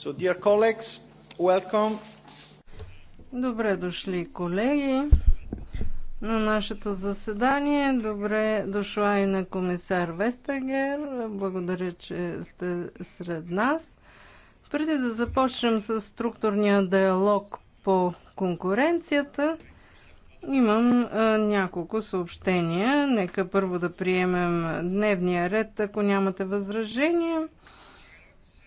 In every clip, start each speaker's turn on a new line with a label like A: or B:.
A: So, dear colleagues, welcome.
B: Добре дошли, колеги, на нашето заседание. Добре дошла и на комисар Вестагер. Благодаря, че сте сред нас. Преди да започнем с структурния диалог по конкуренцията, Имам а, няколко съобщения. Нека първо да приемем дневния ред, ако нямате възражения.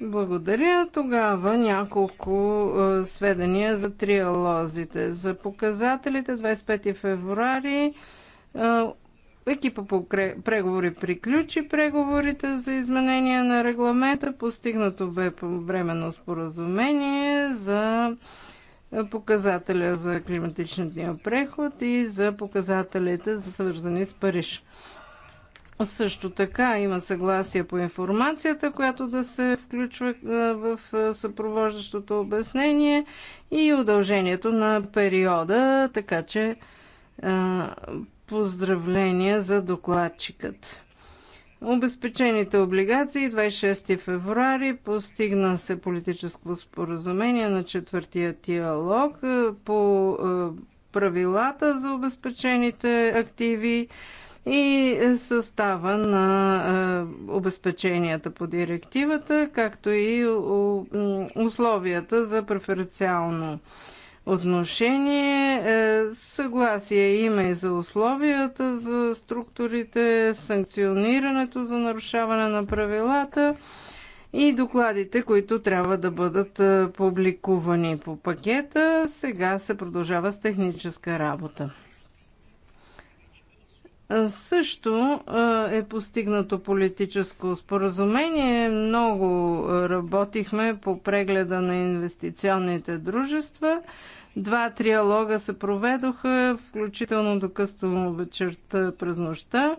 B: Благодаря. Тогава няколко а, е, сведения за триалозите. За показателите 25 февруари е, екипа по преговори приключи преговорите за изменение на регламента. Постигнато бе временно споразумение за е, показателя за климатичния преход и за показателите, за свързани с Париж. Също така има съгласие по информацията, която да се включва в съпровождащото обяснение и удължението на периода, така че поздравления за докладчикът. Обезпечените облигации 26 февруари постигна се политическо споразумение на четвъртия диалог по правилата за обезпечените активи и състава на е, обезпеченията по директивата, както и условията за преференциално отношение. Е, съгласие има и за условията, за структурите, санкционирането за нарушаване на правилата и докладите, които трябва да бъдат е, публикувани по пакета. Сега се продължава с техническа работа. Също е постигнато политическо споразумение. Много работихме по прегледа на инвестиционните дружества. Два триалога се проведоха, включително до късто вечерта през нощта.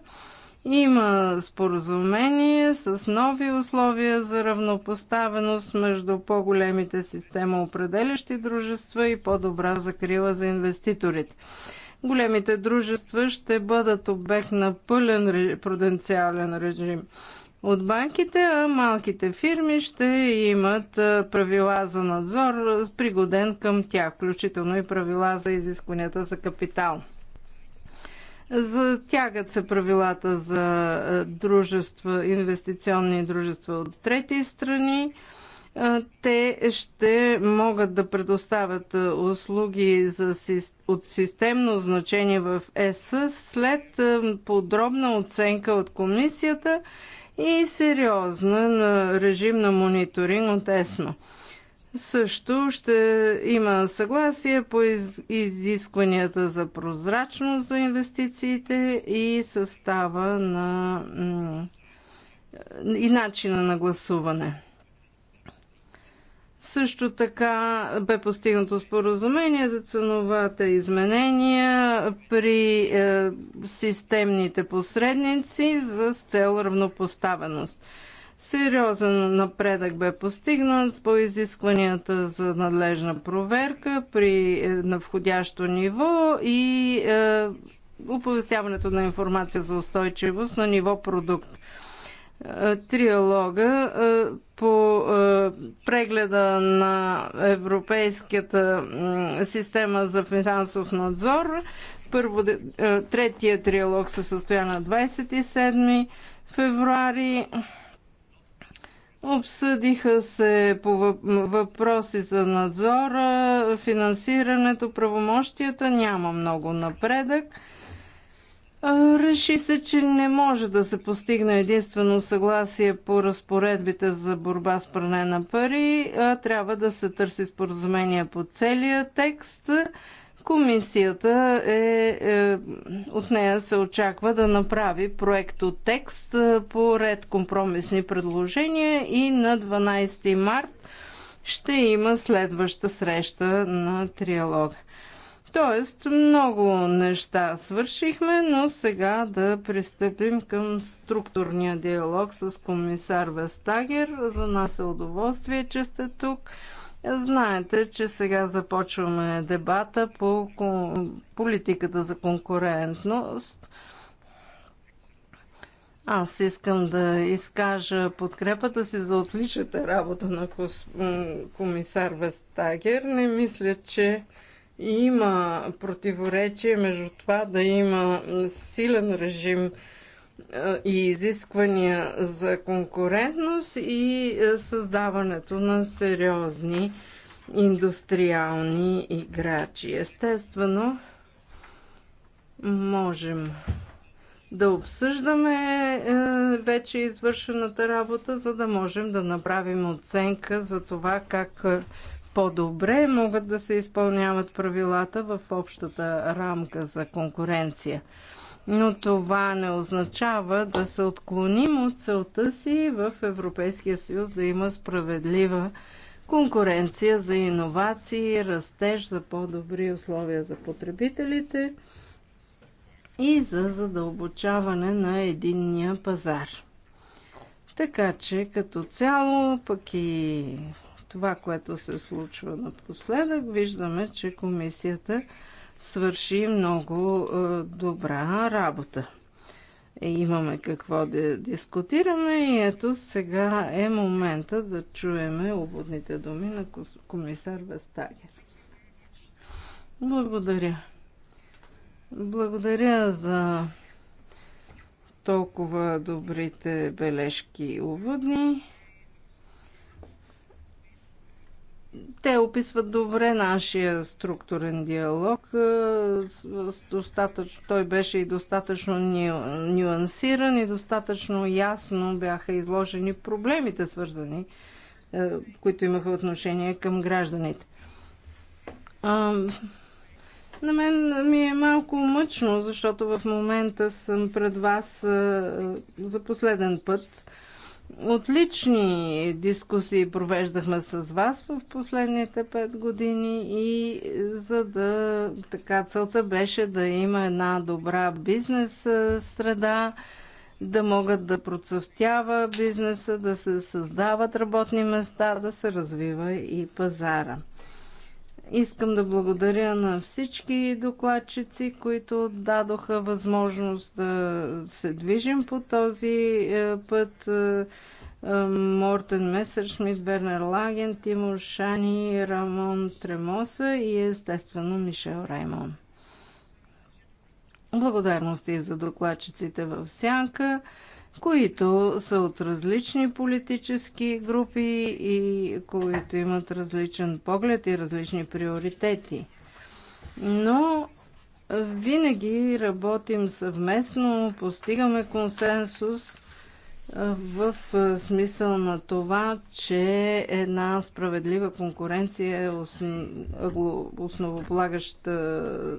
B: Има споразумение с нови условия за равнопоставеност между по-големите система определящи дружества и по-добра закрила за инвеститорите големите дружества ще бъдат обект на пълен пруденциален режим от банките, а малките фирми ще имат правила за надзор, пригоден към тях, включително и правила за изискванията за капитал. Затягат се правилата за дружества, инвестиционни дружества от трети страни те ще могат да предоставят услуги за, от системно значение в ЕС след подробна оценка от комисията и сериозен режим на мониторинг от ЕСМА. Също ще има съгласие по изискванията за прозрачност за инвестициите и състава на и начина на гласуване. Също така бе постигнато споразумение за ценовата изменения при е, системните посредници за с цел равнопоставеност. Сериозен напредък бе постигнат по изискванията за надлежна проверка при е, на входящо ниво и е, оповестяването на информация за устойчивост на ниво продукт. Е, триалога е, по е, прегледа на Европейската система за финансов надзор. Първо, третия триалог се състоя на 27 февруари. Обсъдиха се по въпроси за надзора, финансирането, правомощията. Няма много напредък. Реши се, че не може да се постигне единствено съгласие по разпоредбите за борба с пране на пари. Трябва да се търси споразумение по целия текст. Комисията е, е, от нея се очаква да направи проект от текст по ред компромисни предложения и на 12 март ще има следваща среща на триалога. Тоест, много неща свършихме, но сега да пристъпим към структурния диалог с комисар Вестагер. За нас е удоволствие, че сте тук. Знаете, че сега започваме дебата по политиката за конкурентност. Аз искам да изкажа подкрепата си за отличната работа на комисар Вестагер. Не мисля, че има противоречие между това да има силен режим е, и изисквания за конкурентност и е, създаването на сериозни индустриални играчи. Естествено, можем да обсъждаме е, вече извършената работа, за да можем да направим оценка за това как по-добре могат да се изпълняват правилата в общата рамка за конкуренция. Но това не означава да се отклоним от целта си в Европейския съюз да има справедлива конкуренция за иновации, растеж за по-добри условия за потребителите и за задълбочаване на единния пазар. Така че като цяло, пък и това, което се случва напоследък, виждаме, че комисията свърши много е, добра работа. Е, имаме какво да дискутираме и ето сега е момента да чуеме уводните думи на комисар Вестагер. Благодаря. Благодаря за толкова добрите бележки и уводни. те описват добре нашия структурен диалог. Е, достатъчно, той беше и достатъчно нюансиран и достатъчно ясно бяха изложени проблемите, свързани, е, които имаха отношение към гражданите. На мен ми е малко мъчно, защото в момента съм пред вас е, за последен път Отлични дискусии провеждахме с вас в последните пет години и за да така целта беше да има една добра бизнес среда, да могат да процъфтява бизнеса, да се създават работни места, да се развива и пазара. Искам да благодаря на всички докладчици, които дадоха възможност да се движим по този е, път. Е, е, Мортен Месършмит, Бернер Лаген, Тимур Шани, Рамон Тремоса и естествено Мишел Раймон. Благодарности за докладчиците в Сянка които са от различни политически групи и които имат различен поглед и различни приоритети. Но винаги работим съвместно, постигаме консенсус в смисъл на това, че една справедлива конкуренция е основополагащ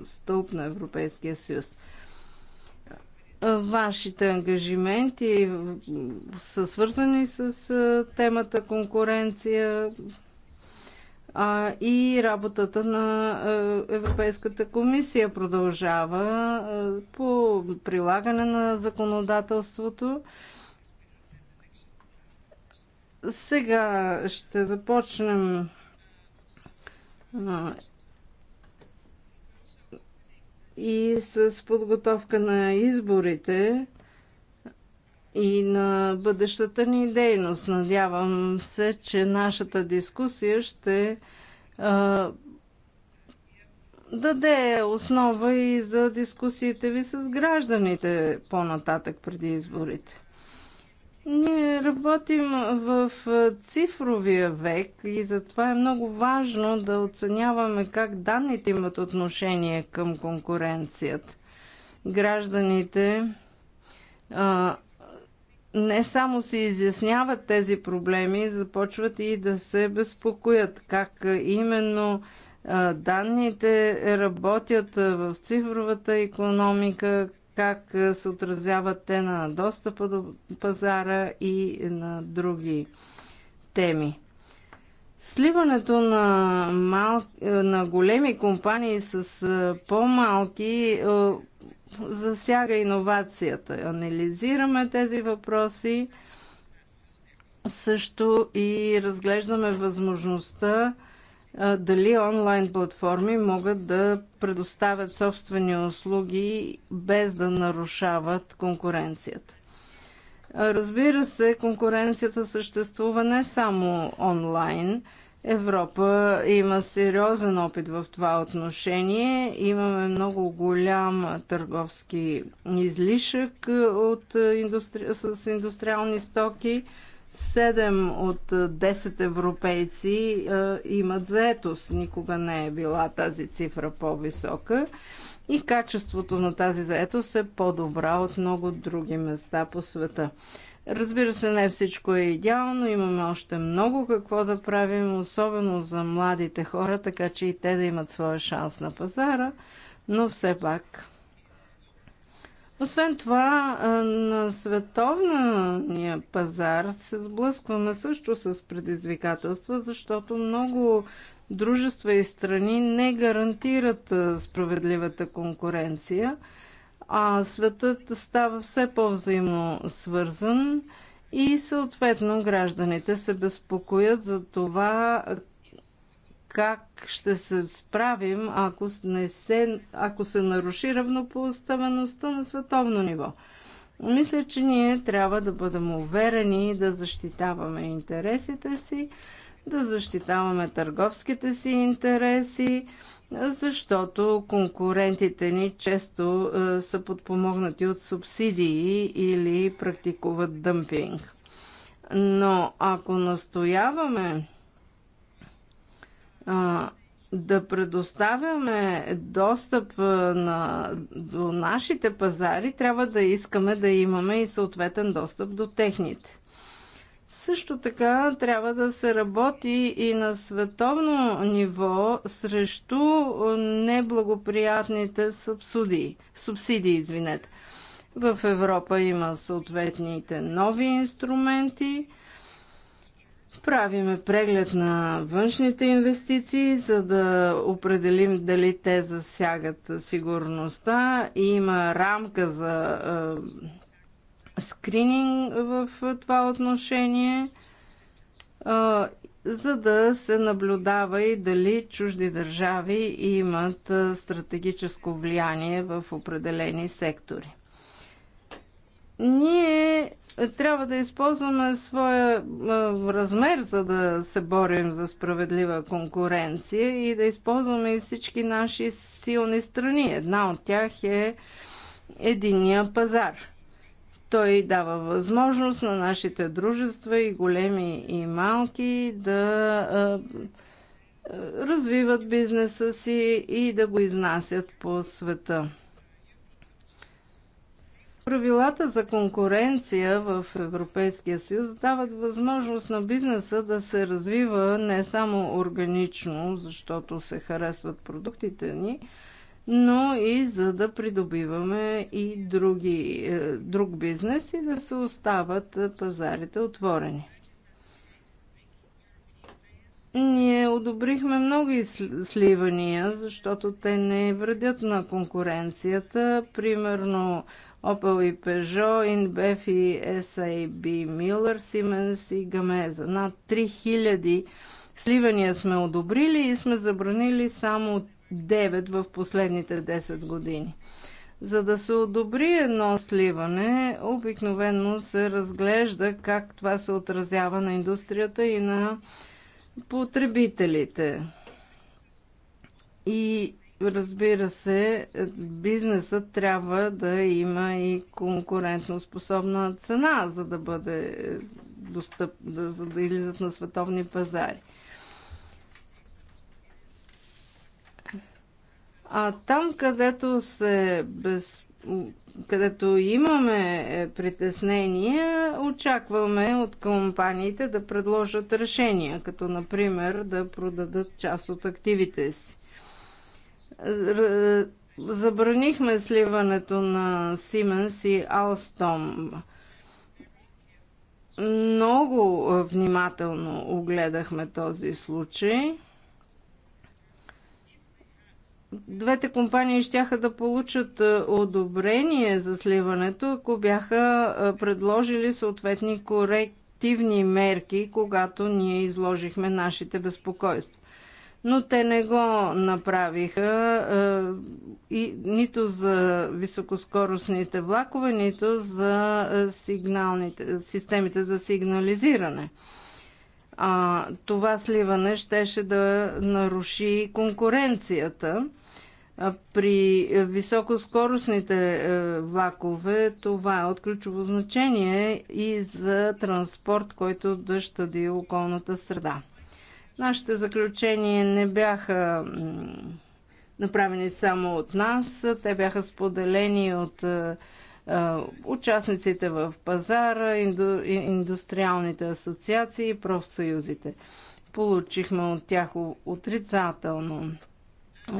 B: стълб на Европейския съюз. Вашите ангажименти са свързани с темата конкуренция а, и работата на Европейската комисия продължава по прилагане на законодателството. Сега ще започнем и с подготовка на изборите и на бъдещата ни дейност. Надявам се, че нашата дискусия ще а, даде основа и за дискусиите ви с гражданите по-нататък преди изборите. Ние работим в цифровия век и затова е много важно да оценяваме как данните имат отношение към конкуренцията. Гражданите а, не само се изясняват тези проблеми, започват и да се безпокоят как именно данните работят в цифровата економика, как се отразяват те на достъпа до пазара и на други теми. Сливането на, мал... Е, на големи компании с по-малки е, засяга иновацията. Анализираме тези въпроси също и разглеждаме възможността дали онлайн платформи могат да предоставят собствени услуги без да нарушават конкуренцията. Разбира се, конкуренцията съществува не само онлайн. Европа има сериозен опит в това отношение. Имаме много голям търговски излишък от индустри... с индустриални стоки. Седем от 10 е, европейци е, имат заетост. Никога не е била тази цифра по-висока и качеството на тази заетост е по-добра от много други места по света. Разбира се, не всичко е идеално, имаме още много какво да правим, особено за младите хора, така че и те да имат своя шанс на пазара, но все пак освен това, на световния пазар се сблъскваме също с предизвикателства, защото много дружества и страни не гарантират справедливата конкуренция, а светът става все по-взаимно свързан и съответно гражданите се безпокоят за това как ще се справим, ако, не се, ако се наруши равнопоставеността на световно ниво. Мисля, че ние трябва да бъдем уверени да защитаваме интересите си, да защитаваме търговските си интереси, защото конкурентите ни често е, са подпомогнати от субсидии или практикуват дъмпинг. Но ако настояваме а, да предоставяме достъп на, до нашите пазари, трябва да искаме да имаме и съответен достъп до техните. Също така трябва да се работи и на световно ниво срещу неблагоприятните субсидии. субсидии извинете. В Европа има съответните нови инструменти – Правиме преглед на външните инвестиции, за да определим дали те засягат сигурността. Има рамка за скрининг в това отношение, за да се наблюдава и дали чужди държави имат стратегическо влияние в определени сектори. Ние трябва да използваме своя размер, за да се борим за справедлива конкуренция и да използваме и всички наши силни страни. Една от тях е единия пазар. Той дава възможност на нашите дружества и големи и малки да развиват бизнеса си и да го изнасят по света. Правилата за конкуренция в Европейския съюз дават възможност на бизнеса да се развива не само органично, защото се харесват продуктите ни, но и за да придобиваме и други, е, друг бизнес и да се остават пазарите отворени. Ние одобрихме много сливания, защото те не вредят на конкуренцията. Примерно Opel и Peugeot, InBev и SAB Miller, Siemens и Gamesa. Над 3000 сливания сме одобрили и сме забранили само 9 в последните 10 години. За да се одобри едно сливане, обикновено се разглежда как това се отразява на индустрията и на потребителите. И разбира се, бизнесът трябва да има и конкурентно способна цена, за да бъде достъп, за да излизат на световни пазари. А там, където се без... където имаме притеснения, очакваме от компаниите да предложат решения, като например да продадат част от активите си. Забранихме сливането на Siemens и Alstom. Много внимателно огледахме този случай. Двете компании щяха да получат одобрение за сливането, ако бяха предложили съответни корективни мерки, когато ние изложихме нашите безпокойства но те не го направиха е, и, нито за високоскоростните влакове, нито за е, сигналните, системите за сигнализиране. А, това сливане щеше да наруши конкуренцията. Е, при високоскоростните влакове това е от ключово значение и за транспорт, който да щади околната среда. Нашите заключения не бяха направени само от нас, те бяха споделени от е, е, участниците в пазара, инду, индустриалните асоциации и профсъюзите. Получихме от тях отрицателно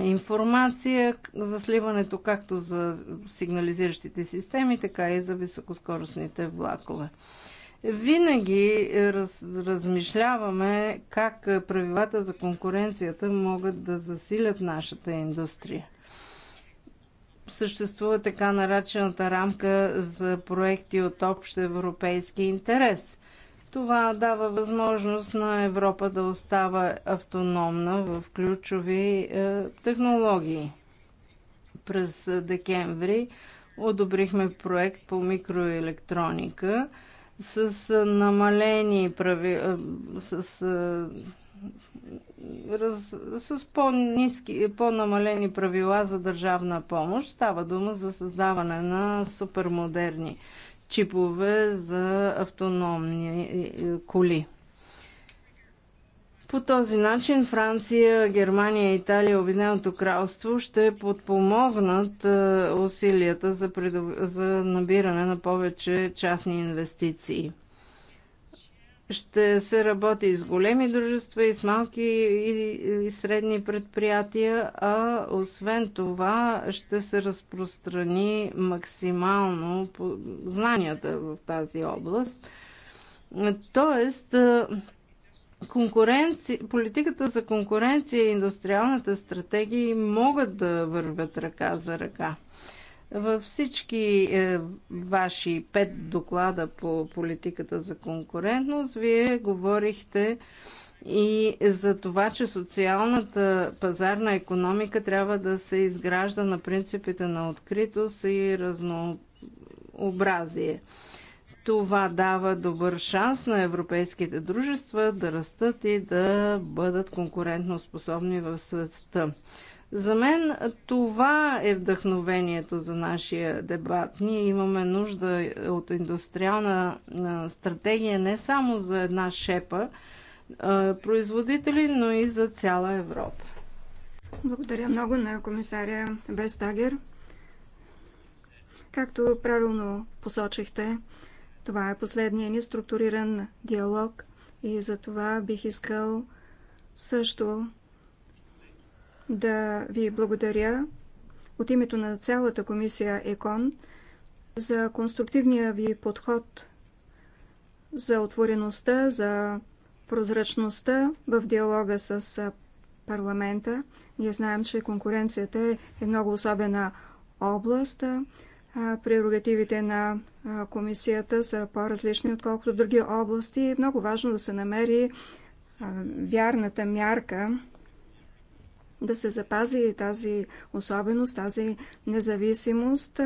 B: информация за сливането както за сигнализиращите системи, така и за високоскоростните влакове. Винаги е, раз, размишляваме как е, правилата за конкуренцията могат да засилят нашата индустрия. Съществува така наречената рамка за проекти от общ европейски интерес. Това дава възможност на Европа да остава автономна в ключови е, технологии. През декември одобрихме проект по микроелектроника – с намалени прави, с, раз, с по-низки, по-намалени правила за държавна помощ. Става дума за създаване на супермодерни чипове за автономни коли. По този начин Франция, Германия, Италия и Обединеното кралство ще подпомогнат е, усилията за, предо... за набиране на повече частни инвестиции. Ще се работи и с големи дружества, и с малки и средни предприятия, а освен това ще се разпространи максимално знанията в тази област. Тоест, е, Конкуренци... Политиката за конкуренция и индустриалната стратегия могат да вървят ръка за ръка. Във всички е, ваши пет доклада по политиката за конкурентност, вие говорихте и за това, че социалната пазарна економика трябва да се изгражда на принципите на откритост и разнообразие. Това дава добър шанс на европейските дружества да растат и да бъдат конкурентно способни в света. За мен това е вдъхновението за нашия дебат. Ние имаме нужда от индустриална стратегия не само за една шепа производители, но и за цяла Европа.
A: Благодаря много на комисаря Бестагер. Както правилно посочихте, това е последният ни структуриран диалог и за това бих искал също да ви благодаря от името на цялата комисия ЕКОН за конструктивния ви подход, за отвореността, за прозрачността в диалога с парламента. Ние знаем, че конкуренцията е много особена област прерогативите на комисията са по-различни, отколкото в други области. много важно да се намери вярната мярка, да се запази тази особеност, тази независимост,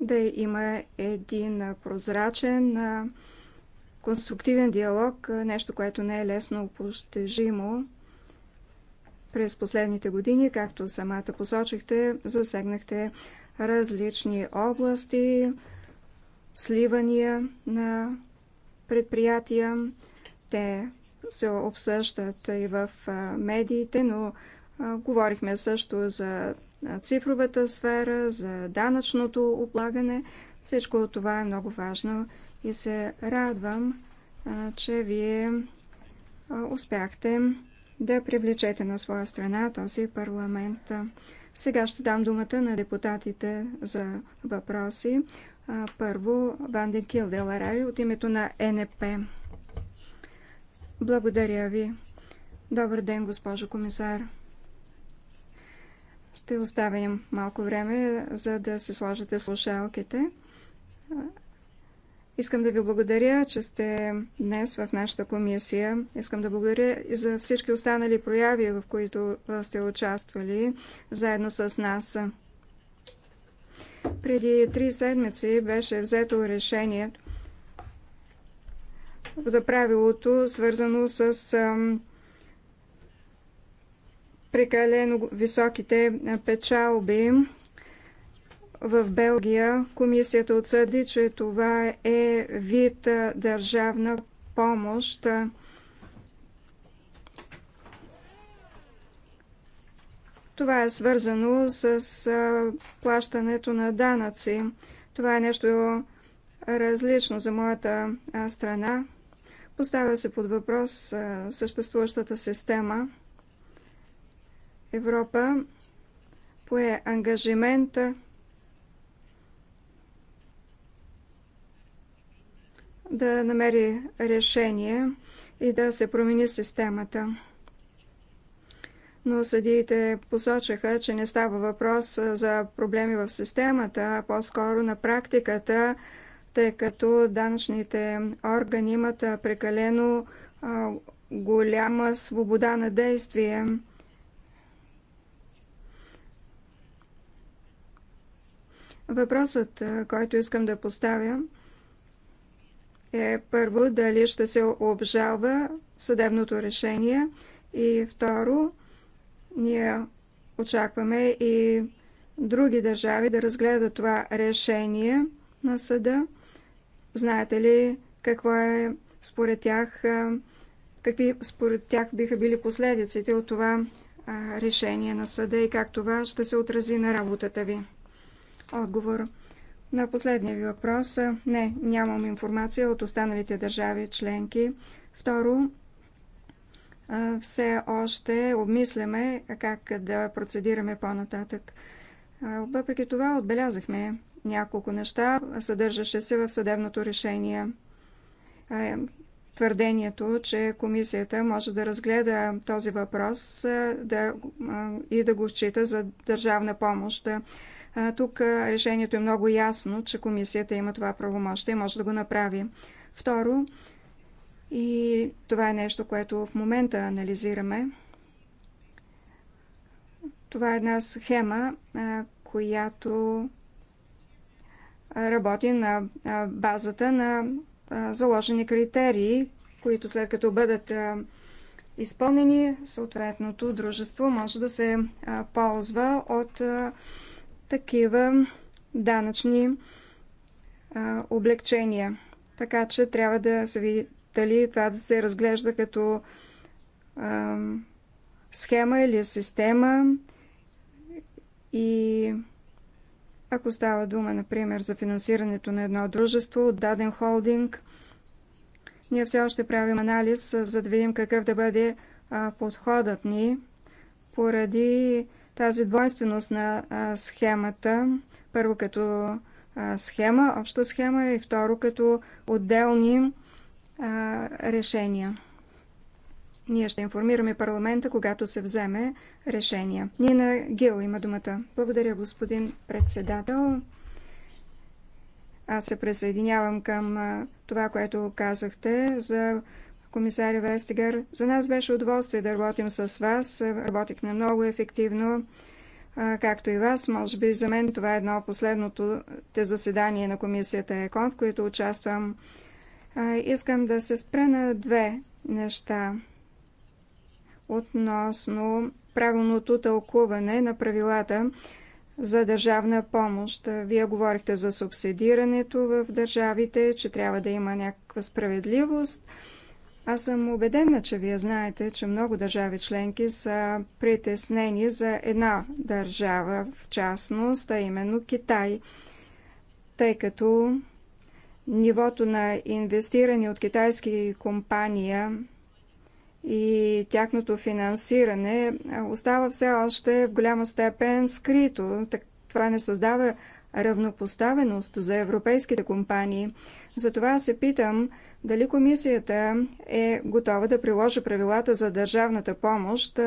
A: да има един прозрачен, конструктивен диалог, нещо, което не е лесно постижимо през последните години, както самата посочихте, засегнахте различни области, сливания на предприятия. Те се обсъщат и в медиите, но говорихме също за цифровата сфера, за данъчното облагане. Всичко това е много важно и се радвам, че вие успяхте да привлечете на своя страна този парламент. Сега ще дам думата на депутатите за въпроси. Първо, Ванден Килделарай от името на НП. Благодаря ви. Добър ден, госпожо комисар. Ще оставим малко време, за да се сложите слушалките. Искам да ви благодаря, че сте днес в нашата комисия. Искам да благодаря и за всички останали прояви, в които сте участвали заедно с нас. Преди три седмици беше взето решение за правилото, свързано с прекалено високите печалби в Белгия комисията отсъди, че това е вид държавна помощ. Това е свързано с плащането на данъци. Това е нещо различно за моята страна. Поставя се под въпрос съществуващата система. Европа пое ангажимента да намери решение и да се промени системата. Но съдиите посочаха, че не става въпрос за проблеми в системата, а по-скоро на практиката, тъй като данъчните органи имат прекалено голяма свобода на действие. Въпросът, който искам да поставя, е първо дали ще се обжалва съдебното решение и второ ние очакваме и други държави да разгледат това решение на съда. Знаете ли какво е според тях, какви според тях биха били последиците от това решение на съда и как това ще се отрази на работата ви? Отговор. На последния ви въпрос, не, нямам информация от останалите държави членки. Второ, все още обмисляме как да процедираме по-нататък. Въпреки това отбелязахме няколко неща, съдържаше се в съдебното решение. Твърдението, че комисията може да разгледа този въпрос да, и да го счита за държавна помощ. Тук решението е много ясно, че комисията има това правомощие и може да го направи. Второ, и това е нещо, което в момента анализираме. Това е една схема, която работи на базата на заложени критерии, които след като бъдат изпълнени, съответното дружество може да се ползва от такива данъчни а, облегчения. Така че трябва да се види дали това да се разглежда като а, схема или система. И ако става дума, например, за финансирането на едно дружество от даден холдинг, ние все още правим анализ, за да видим какъв да бъде подходът ни поради тази двойственост на схемата, първо като схема, обща схема и второ като отделни решения. Ние ще информираме парламента, когато се вземе решение. Нина Гил има думата. Благодаря, господин председател. Аз се присъединявам към това, което казахте за комисар Вестигър. За нас беше удоволствие да работим с вас. Работихме много ефективно, както и вас. Може би за мен това е едно от последното те заседание на комисията ЕКОН, в което участвам. Искам да се спра на две неща относно правилното тълкуване на правилата за държавна помощ. Вие говорихте за субсидирането в държавите, че трябва да има някаква справедливост – аз съм убедена, че вие знаете, че много държави членки са притеснени за една държава, в частност, а именно Китай, тъй като нивото на инвестиране от китайски компания и тяхното финансиране остава все още в голяма степен скрито. Това не създава равнопоставеност за европейските компании. Затова се питам, дали комисията е готова да приложи правилата за държавната помощ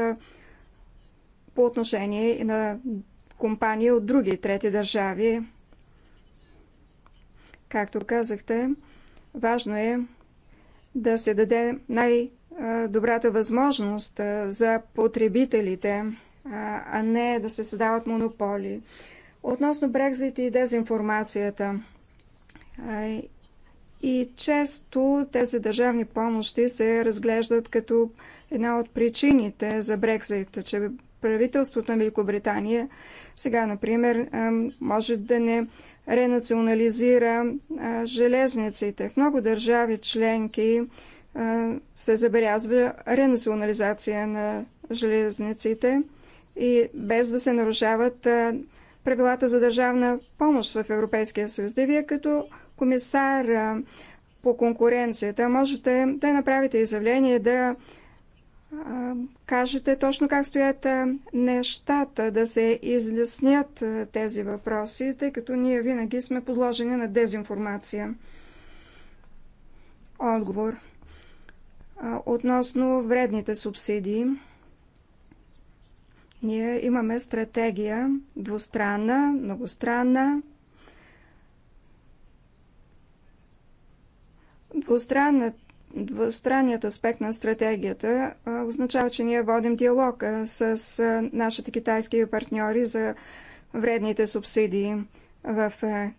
A: по отношение на компании от други трети държави? Както казахте, важно е да се даде най-добрата възможност за потребителите, а не да се създават монополи. Относно Брекзит и дезинформацията, и често тези държавни помощи се разглеждат като една от причините за Брекзит, че правителството на Великобритания сега, например, може да не ренационализира железниците. В много държави членки се забелязва ренационализация на железниците и без да се нарушават правилата за държавна помощ в Европейския съюз. Да вие като комисар по конкуренцията, можете да направите изявление, да кажете точно как стоят нещата, да се изяснят тези въпроси, тъй като ние винаги сме подложени на дезинформация. Отговор. Относно вредните субсидии, ние имаме стратегия двустранна, многостранна, двустранният аспект на стратегията а, означава, че ние водим диалог а, с а, нашите китайски партньори за вредните субсидии в а,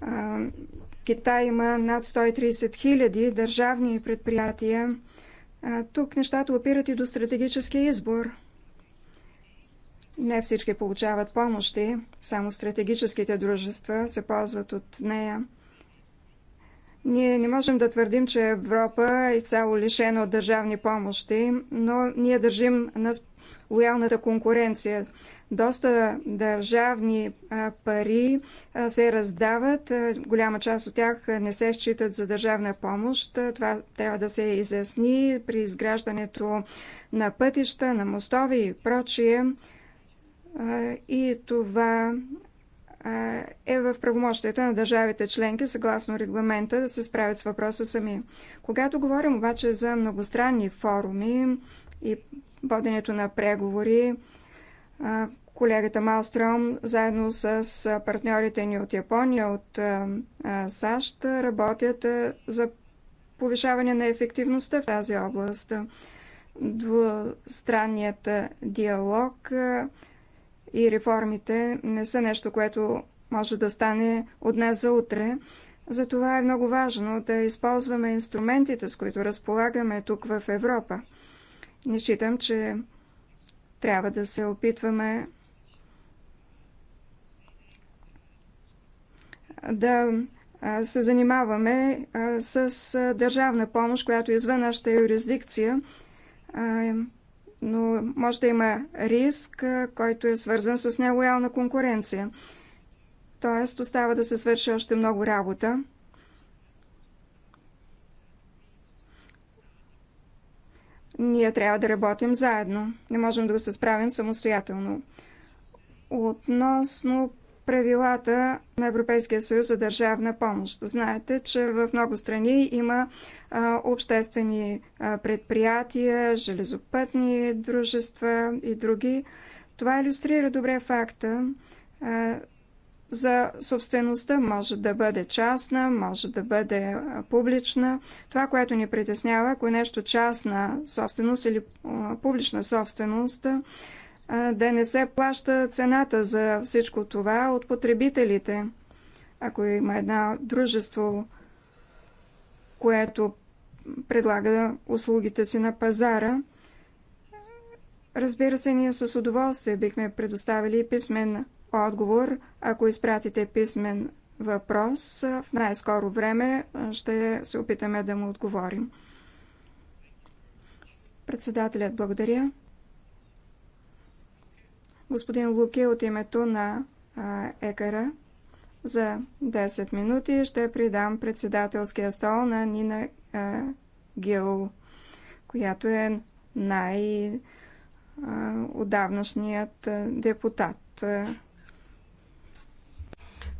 A: а, Китай има над 130 хиляди държавни предприятия. А, тук нещата опират и до стратегическия избор. Не всички получават помощи, само стратегическите дружества се ползват от нея. Ние не можем да твърдим, че Европа е цяло лишена от държавни помощи, но ние държим на лоялната конкуренция. Доста държавни пари се раздават, голяма част от тях не се считат за държавна помощ. Това трябва да се изясни при изграждането на пътища, на мостове и прочие. И това е в правомощията на държавите членки, съгласно регламента, да се справят с въпроса сами. Когато говорим обаче за многостранни форуми и воденето на преговори, колегата Малстром, заедно с партньорите ни от Япония, от САЩ, работят за повишаване на ефективността в тази област. Двустранният диалог и реформите не са нещо, което може да стане от днес за утре. Затова е много важно да използваме инструментите, с които разполагаме тук в Европа. Не считам, че трябва да се опитваме да се занимаваме с държавна помощ, която е извън нашата юрисдикция но може да има риск, който е свързан с нелоялна конкуренция. Тоест, остава да се свърши още много работа. Ние трябва да работим заедно. Не можем да се справим самостоятелно. Относно правилата на Европейския съюз за държавна помощ. Знаете, че в много страни има обществени предприятия, железопътни дружества и други. Това иллюстрира добре факта за собствеността. Може да бъде частна, може да бъде публична. Това, което ни притеснява, ако е нещо частна собственост или публична собственост, да не се плаща цената за всичко това от потребителите. Ако има едно дружество, което предлага услугите си на пазара, разбира се, ние с удоволствие бихме предоставили писмен отговор. Ако изпратите писмен въпрос, в най-скоро време ще се опитаме да му отговорим. Председателят благодаря господин Луки от името на Екара за 10 минути. Ще придам председателския стол на Нина Гил, която е най-отдавнашният депутат.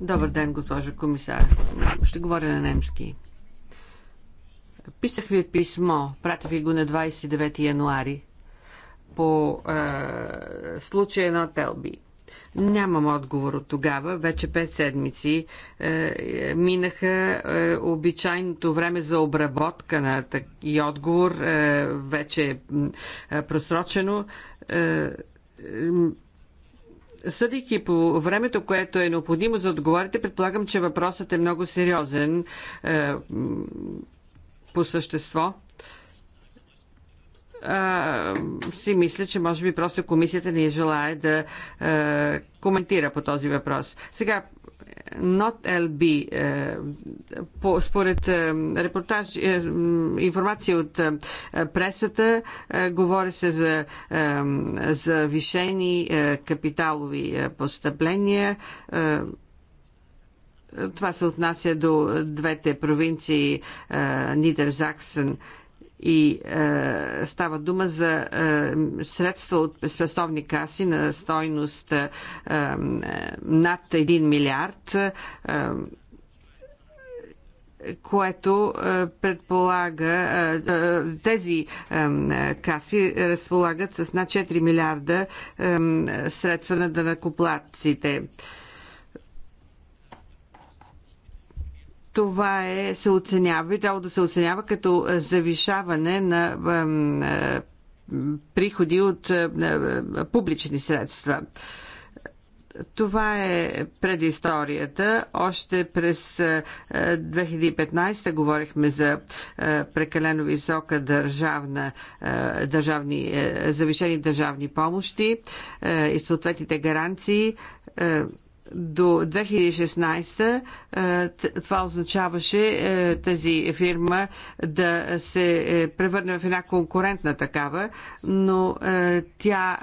C: Добър ден, госпожо комисар. Ще говоря на немски. Писах ви писмо, пратих ви го на 29 януари по е, случая на Телби. Нямам отговор от тогава. Вече 5 седмици е, минаха. Е, обичайното време за обработка на так- и отговор е, вече е, просрочено. Е, е, Съдейки по времето, което е необходимо за отговорите, предполагам, че въпросът е много сериозен е, по същество си мисля, че може би просто комисията не желая да а, коментира по този въпрос. Сега, Not LB, по, според репортаж, информация от пресата, говори се за завишени капиталови постъпления. Това се отнася до двете провинции Нидерзаксен. Нидерзаксен и е, става дума за е, средства от спестовни каси на стойност е, е над 1 милиард. Е, което е, предполага е, тези каси разполагат с над 4 милиарда средства на данакоплатците. това е, се оценява, би трябвало да се оценява като е, завишаване на е, е, приходи от публични средства. Това е предисторията. Още през 2015 говорихме за прекалено висока държавна, държавни, завишени държавни помощи и съответните гаранции до 2016 това означаваше тази фирма да се е, превърне в една конкурентна такава, но тя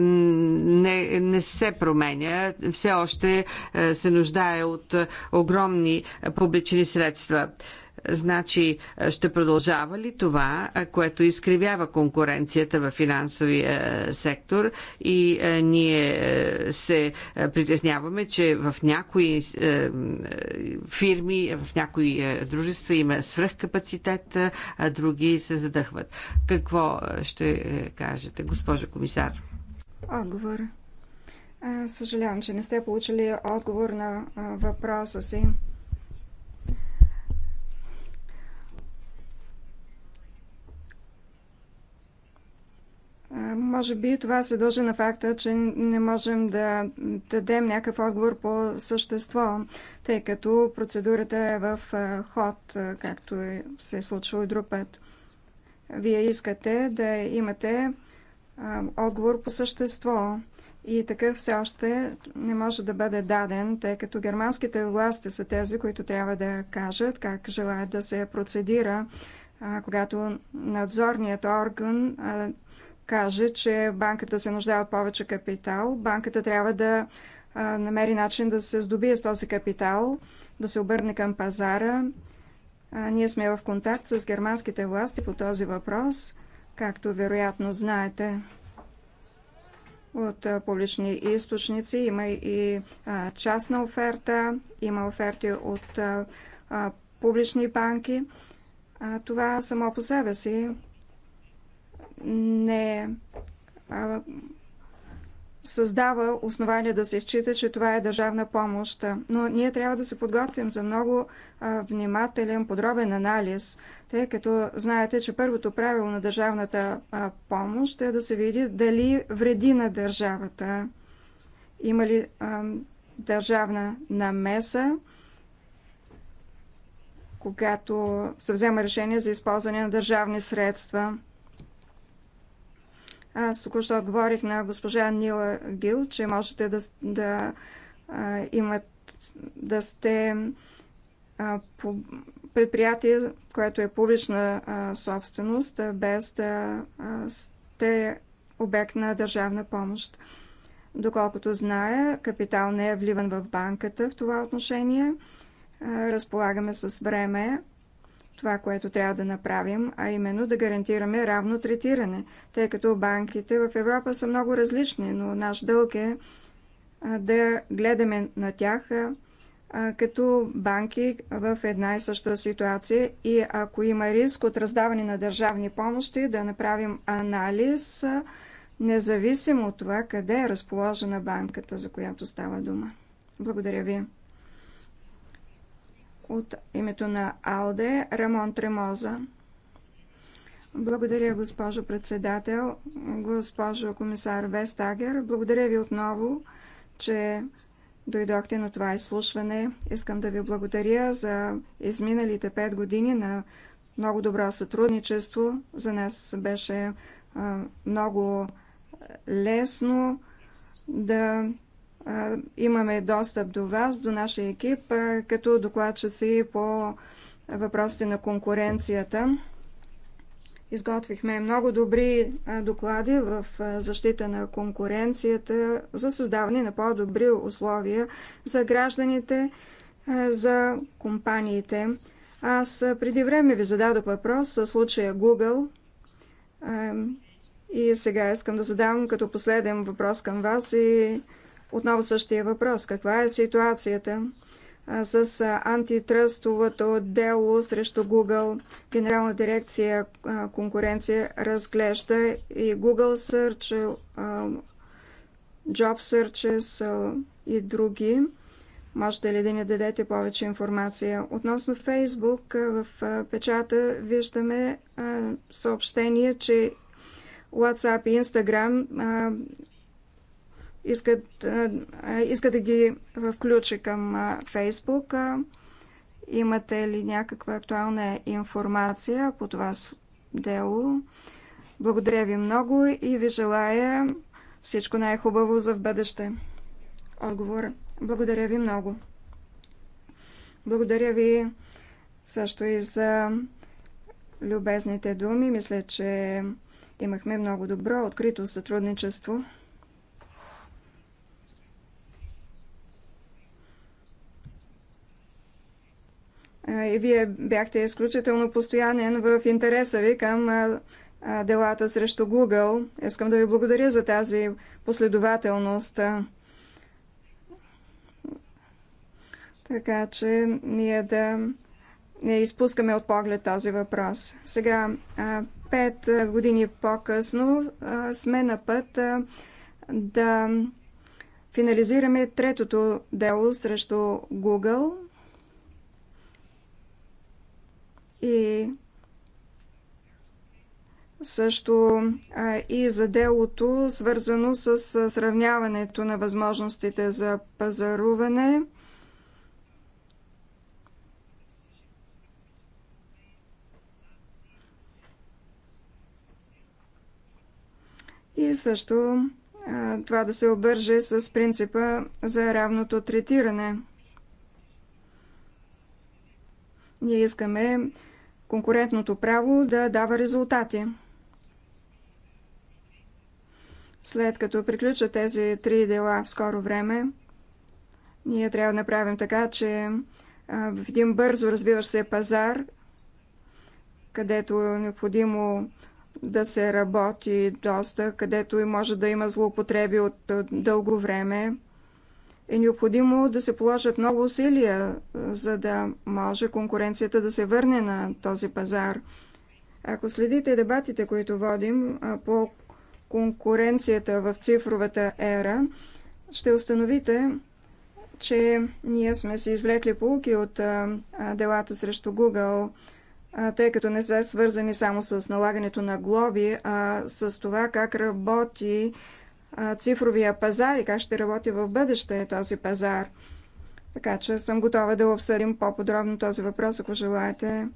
C: не, не се променя. Все още се нуждае от огромни публични средства. Значи, ще продължава ли това, което изкривява конкуренцията в финансовия е, сектор и е, ние е, се притесняваме, че в някои фирми, в някои дружества има свръхкапацитет, а други се задъхват. Какво ще кажете, госпожа комисар?
A: Отговор. Съжалявам, че не сте получили отговор на въпроса си. Може би това се дължи на факта, че не можем да дадем някакъв отговор по същество, тъй като процедурата е в ход, както е, се е случило и друг път. Вие искате да имате отговор по същество и такъв все още не може да бъде даден, тъй като германските власти са тези, които трябва да кажат как желаят да се процедира, когато надзорният орган каже, че банката се нуждава от повече капитал, банката трябва да намери начин да се здобие с този капитал, да се обърне към пазара. Ние сме в контакт с германските власти по този въпрос, както вероятно знаете от публични източници. Има и частна оферта, има оферти от публични банки. Това само по себе си не а, създава основания да се счита, че това е държавна помощ. Но ние трябва да се подготвим за много а, внимателен, подробен анализ, тъй като знаете, че първото правило на държавната а, помощ е да се види дали вреди на държавата. Има ли а, държавна намеса, когато се взема решение за използване на държавни средства – аз току-що отговорих на госпожа Нила Гил, че можете да, да, а, имат, да сте а, по, предприятие, което е публична а, собственост, без да а, сте обект на държавна помощ. Доколкото зная, капитал не е вливан в банката в това отношение. Разполагаме с време това, което трябва да направим, а именно да гарантираме равно третиране, тъй като банките в Европа са много различни, но наш дълг е да гледаме на тях като банки в една и съща ситуация и ако има риск от раздаване на държавни помощи, да направим анализ, независимо от това къде е разположена банката, за която става дума. Благодаря ви. От името на АЛДЕ Рамон Тремоза. Благодаря, госпожо председател, госпожо комисар Вестагер. Благодаря ви отново, че дойдохте на това изслушване. Искам да ви благодаря за изминалите пет години на много добро сътрудничество. За нас беше много лесно да имаме достъп до вас, до нашия екип, като докладчици по въпросите на конкуренцията. Изготвихме много добри доклади в защита на конкуренцията, за създаване на по-добри условия за гражданите, за компаниите. Аз преди време ви зададох въпрос със случая Google и сега искам да задавам като последен въпрос към вас и отново същия въпрос. Каква е ситуацията с антитръстовото дело срещу Google? Генерална дирекция конкуренция разглежда и Google Search, Job Searches и други. Можете ли да ни дадете повече информация? Относно Фейсбук, в печата виждаме съобщение, че WhatsApp и Instagram Искат искат да ги включи към Фейсбук. Имате ли някаква актуална информация по това дело? Благодаря ви много и ви желая всичко най-хубаво за в бъдеще. Отговор. Благодаря ви много. Благодаря ви също и за любезните думи. Мисля, че имахме много добро, открито сътрудничество. и вие бяхте изключително постоянен в интереса ви към делата срещу Google. Искам да ви благодаря за тази последователност. Така че ние да не изпускаме от поглед този въпрос. Сега, пет години по-късно, сме на път да финализираме третото дело срещу Google – и също и за делото, свързано с сравняването на възможностите за пазаруване. И също това да се обърже с принципа за равното третиране. Ние искаме конкурентното право да дава резултати. След като приключат тези три дела в скоро време, ние трябва да направим така, че в един бързо развиващ се пазар, където е необходимо да се работи доста, където и може да има злоупотреби от дълго време, е необходимо да се положат много усилия, за да може конкуренцията да се върне на този пазар. Ако следите дебатите, които водим по конкуренцията в цифровата ера, ще установите, че ние сме се извлекли полуки от делата срещу Google, тъй като не са свързани само с налагането на глоби, а с това как работи цифровия пазар и как ще работи в бъдеще този пазар. Така че съм готова да обсъдим по-подробно този въпрос, ако желаете.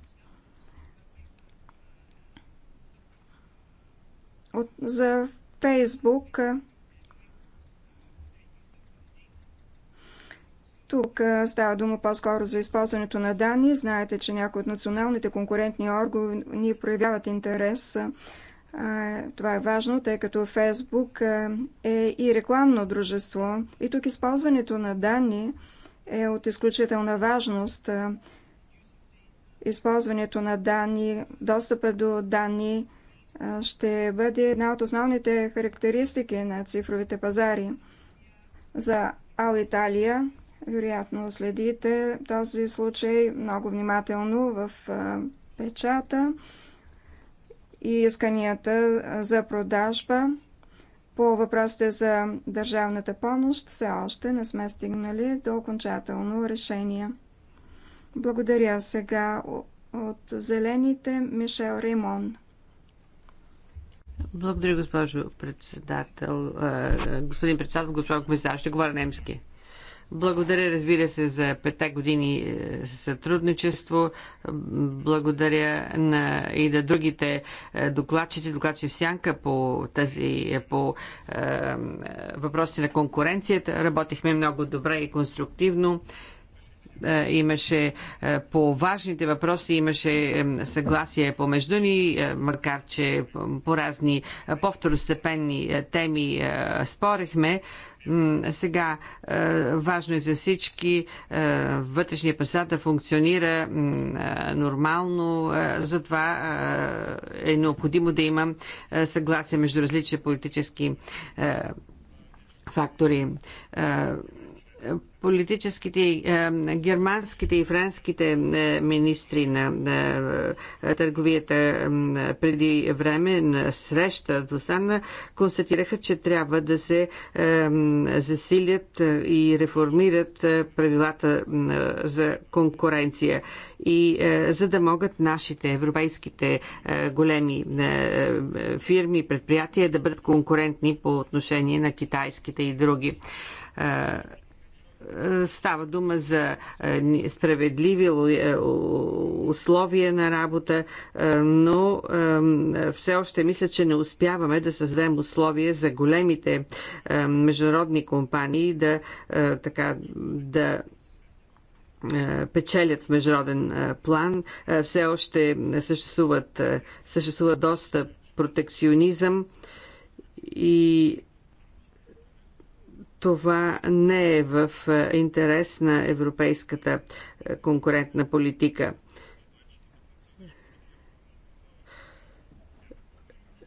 A: От, за Фейсбук Тук става дума по-скоро за използването на данни. Знаете, че някои от националните конкурентни органи проявяват интерес това е важно, тъй като Фейсбук е и рекламно дружество. И тук използването на данни е от изключителна важност. Използването на данни, достъпа до данни ще бъде една от основните характеристики на цифровите пазари. За Ал Италия, вероятно следите този случай много внимателно в печата и исканията за продажба по въпросите за държавната помощ все още не сме стигнали до окончателно решение. Благодаря сега от зелените Мишел Реймон.
C: Благодаря, госпожо председател. Господин председател, госпожо комисар, ще говоря немски. Благодаря, разбира се, за петте години е, сътрудничество. Благодаря на, и на другите е, докладчици, докладчи в сянка по, тази, е, по е, въпроси на конкуренцията. Работихме много добре и конструктивно. Е, имаше е, по важните въпроси имаше е, съгласие помежду ни, макар че по разни по-второстепенни теми спорехме. Сега важно е за всички вътрешния пазар да функционира нормално, затова е необходимо да имам съгласие между различни политически фактори политическите е, германските и френските е, министри на, е, търговията преди време на среща двустранна констатираха, че трябва да се засилят и реформират правилата за конкуренция и за да могат нашите европейските големи фирми и предприятия да бъдат конкурентни по отношение на китайските и други Става дума за е, справедливи е, условия на работа, е, но все още мисля, че не успяваме да създадем условия за големите международни компании да, така, да печелят в международен план. Все още съществуват, съществува доста протекционизъм и това не е в е, интерес на европейската е, конкурентна политика.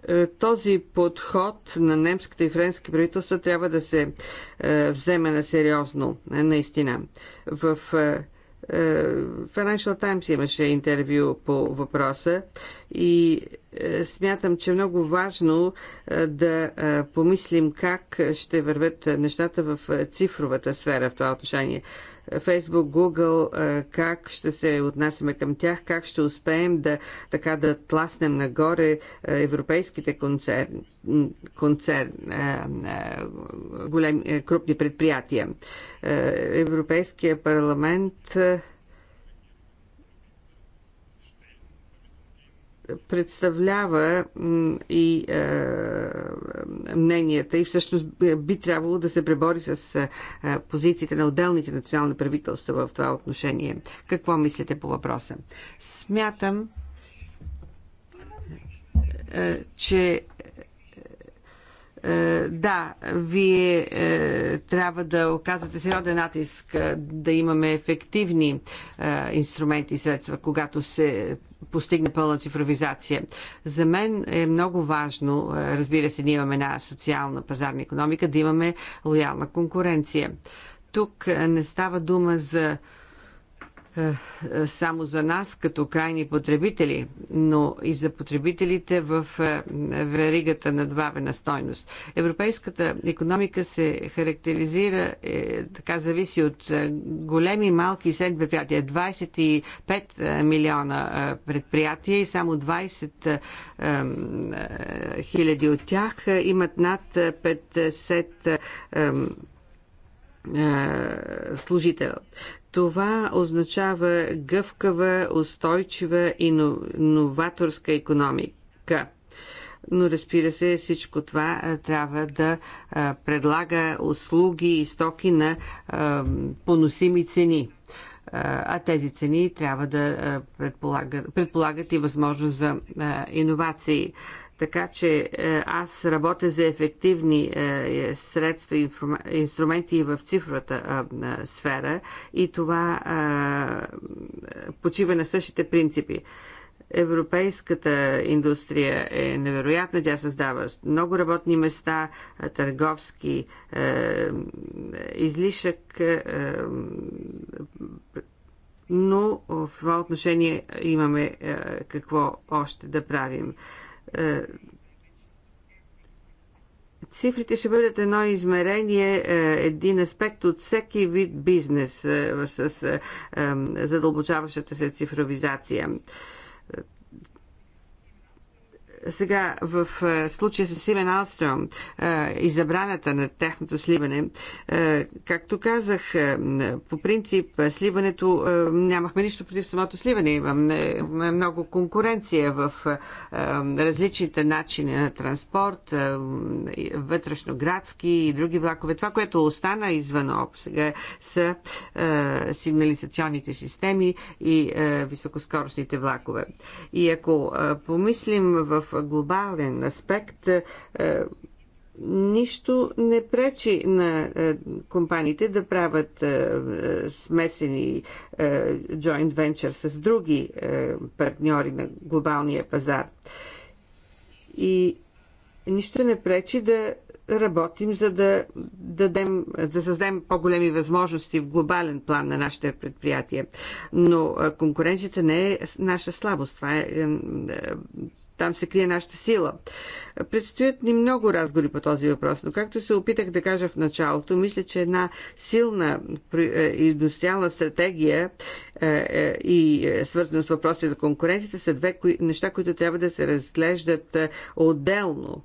C: Е, този подход на немската и френски правителства трябва да се вземе на сериозно, наистина. В е, Financial Times имаше интервю по въпроса и е, смятам, че е много важно е, да помислим как ще вървят нещата в цифровата сфера в това отношение. Facebook, Google, е, как ще се отнасяме към тях, как ще успеем да, така да тласнем нагоре е, европейските концерни, концерн, е, големи, крупни предприятия. Европейския парламент представлява и е, мненията и всъщност би трябвало да се пребори с е, позициите на отделните национални правителства в това отношение. Какво мислите по въпроса? Смятам, е, че е, да, вие е, трябва да оказвате сериозен натиск е, да имаме ефективни инструменти и средства, когато се постигне пълна цифровизация. За мен е много важно, разбира се, ние имаме една социална пазарна економика, да имаме лоялна конкуренция. Тук не става дума за е, е, само за нас като крайни потребители, но и за потребителите в е, веригата на добавена стойност. Европейската економика се характеризира, така зависи от големи, малки и средни предприятия. 25 милиона предприятия и само 20 хиляди от тях имат над 50 служител. Това означава гъвкава, устойчива и новаторска економика но разбира се, всичко това трябва да предлага услуги и стоки на поносими цени. А тези цени трябва да предполагат, предполагат и възможност за иновации. Така че е, аз работя за ефективни е, средства, и инструменти в цифровата е, сфера и това почива на същите принципи. Европейската индустрия е невероятна. Тя създава много работни места, търговски излишък, но в това отношение имаме какво още да правим. Е, цифрите ще бъдат едно измерение, е, един аспект от всеки вид бизнес е, с задълбочаващата се цифровизация. Сега в е, случая с Симен Алстром е, и забраната на техното сливане, е, както казах, по принцип сливането нямахме нищо против самото сливане. Имаме много конкуренция в различните начини на транспорт, вътрешноградски и други влакове. Това, което остана извън обсега са сигнализационните системи и високоскоростните влакове. И ако помислим в глобален аспект е, нищо не пречи на е, компаниите да правят е, смесени joint venture с други партньори на глобалния пазар. И нищо не пречи да работим, за да, дадем, да създадем по-големи възможности в глобален план на нашите предприятия. Но конкуренцията не е наша слабост. Това е там се крие нашата сила. Предстоят ни много разговори по този въпрос, но както се опитах да кажа в началото, мисля, че една силна е, индустриална стратегия е, е, и свързана с въпроси за конкуренцията са две неща, които трябва да се разглеждат отделно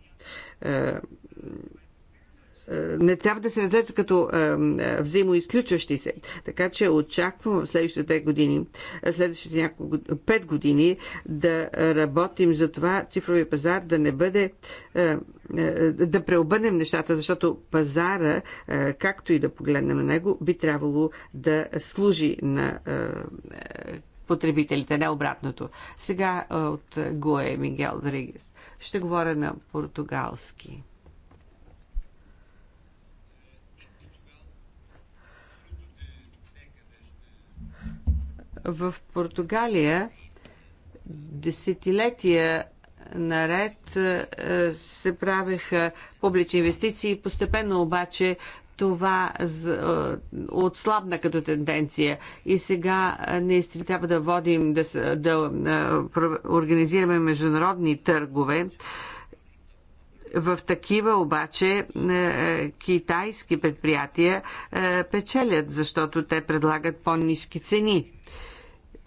C: не трябва да се разглежда като е, е, взаимоизключващи се. Така че очаквам в следващите години, следващите няколко, пет години да работим за това цифровия пазар да не бъде е, да преобърнем нещата, защото пазара, както и да погледнем на него, би трябвало да служи на потребителите, не обратното. Сега от Гое Мигел Дригес. Ще говоря на португалски. В Португалия десетилетия наред е, се правеха публични инвестиции, постепенно обаче това е, отслабна като тенденция и сега е, наистина трябва да водим, да, да организираме международни търгове. В такива обаче китайски предприятия печелят, защото те предлагат по-низки цени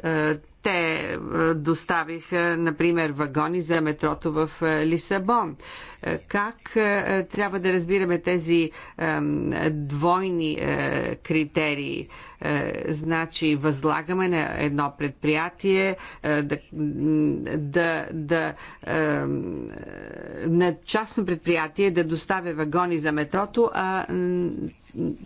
C: е, те е, доставиха, например, вагони за метрото в е, Лисабон. Как трябва да разбираме тези двойни критерии? Значи, възлагаме на едно предприятие да, да, да на частно предприятие да доставя вагони за метрото, а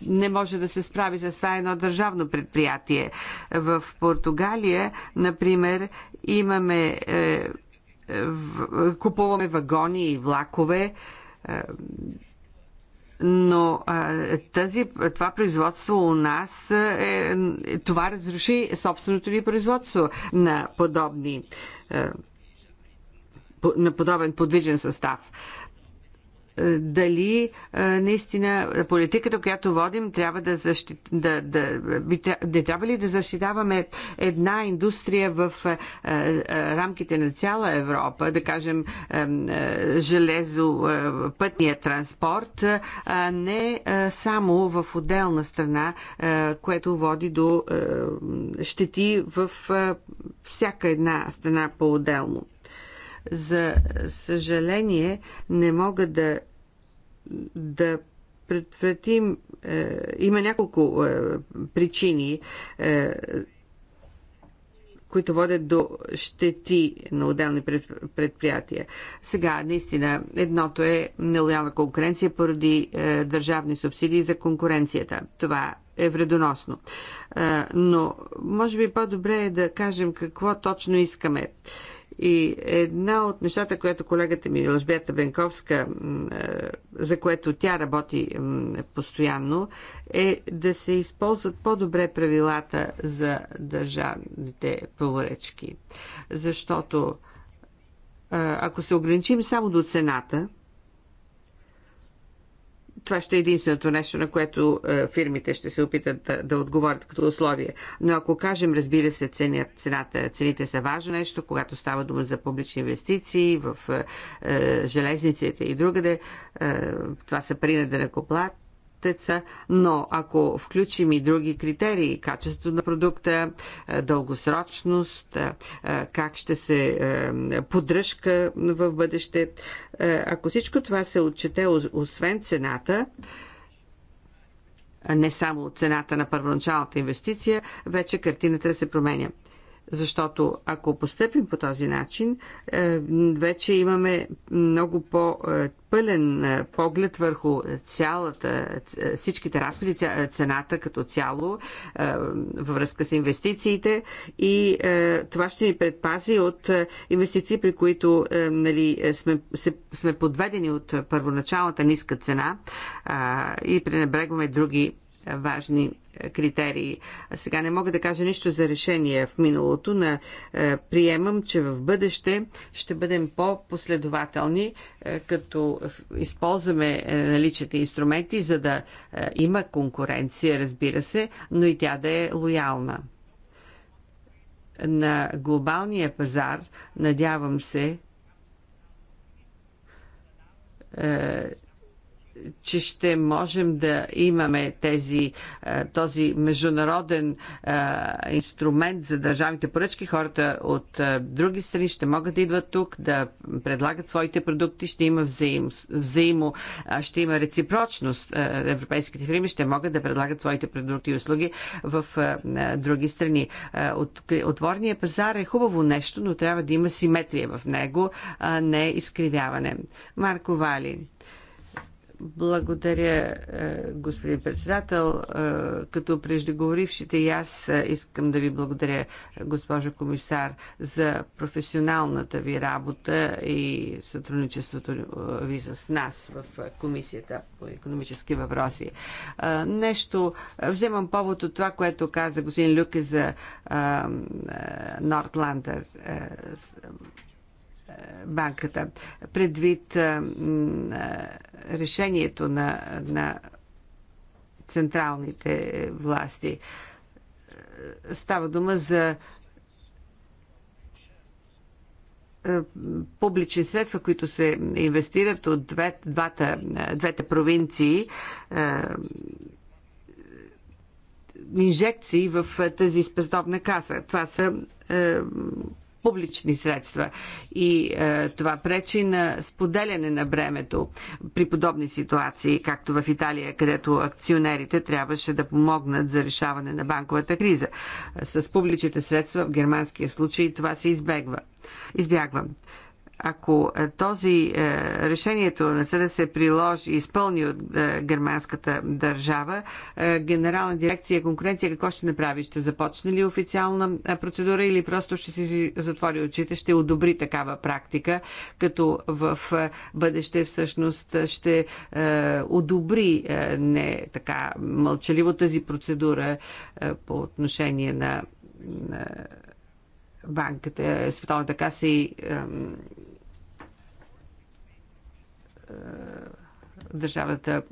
C: не може да се справи с това едно държавно предприятие. В Португалия, например, имаме е, е в, купуваме вагони и влакове, е, но е, тази, това производство у нас, е, е, това разруши собственото ни производство на подобни на подобен подвижен състав дали наистина политиката, която водим, трябва да, защит... да, да, трябва ли да защитаваме една индустрия в рамките на цяла Европа, да кажем железо пътния транспорт, а не само в отделна страна, което води до щети в всяка една страна по-отделно. За съжаление, не мога да да предотвратим. Е, има няколко е, причини, е, които водят до щети на отделни предприятия. Сега, наистина, едното е нелоялна конкуренция поради е, държавни субсидии за конкуренцията. Това е вредоносно. Е, но, може би по-добре е да кажем какво точно искаме. И една от нещата, която колегата ми Лъжбета Бенковска, е, за което тя работи постоянно, е да се използват по-добре правилата за държавните поворечки. Защото е, ако се ограничим само до цената, това ще е единственото нещо, на което е, фирмите ще се опитат да, да отговорят като условие. Но ако кажем, разбира се, цената, цените са важно нещо, когато става дума за публични инвестиции в е, е железниците и другаде, е, това са принади на коплат, деца, но ако включим и други критерии, качество на продукта, е, дългосрочност, е, е, как ще се поддръжка в бъдеще, ако всичко това се отчете освен цената, не само цената на първоначалната инвестиция, вече картината се променя. Защото ако постъпим по този начин, е, вече имаме много по-пълен е, е, поглед върху цялата, всичките разходи, цената като цяло във връзка с инвестициите и това ще ни предпази от инвестиции, при които нали, сме, сме подведени от първоначалната ниска цена и пренебрегваме други важни е, критерии. Сега не мога да кажа нищо за решение в миналото, но е, приемам, че в бъдеще ще бъдем по-последователни, е, като използваме наличните инструменти, за да има конкуренция, разбира се, но и тя да е лоялна. На глобалния пазар, надявам се, че ще можем да имаме тези, е, този международен е, инструмент за държавните поръчки. Хората от е, други страни ще могат да идват тук, да предлагат своите продукти, ще има взаим, взаимо, ще има реципрочност. Европейските фирми ще могат да предлагат своите продукти и услуги в други страни. Отворният пазар е хубаво нещо, но трябва да има симетрия в него, а не изкривяване. Марко Вали. Благодаря, е, господин председател. Е, като преждеговорившите и аз е, искам да ви благодаря, госпожо комисар, за професионалната ви работа и сътрудничеството ви с нас в Комисията по економически въпроси. Нещо, вземам повод от това, което каза господин Люке за Нордландър банката. Предвид решението на, на централните власти. Става дума за публични средства, които се инвестират от две, двата, двете провинции, инжекции в тази спестовна каса. Това са публични средства. И е, това пречи на споделяне на бремето при подобни ситуации, както в Италия, където акционерите трябваше да помогнат за решаване на банковата криза. С публичните средства в германския случай това се избегва. избягва. Ако е, този е, решението на съда се приложи, и изпълни от е, германската държава, Генерална дирекция конкуренция какво ще направи? Ще започне ли официална процедура или просто ще си затвори очите, ще одобри такава практика, като в бъдеще всъщност ще одобри не така мълчаливо тази процедура по отношение на банката, Световната каса и е, държавната е,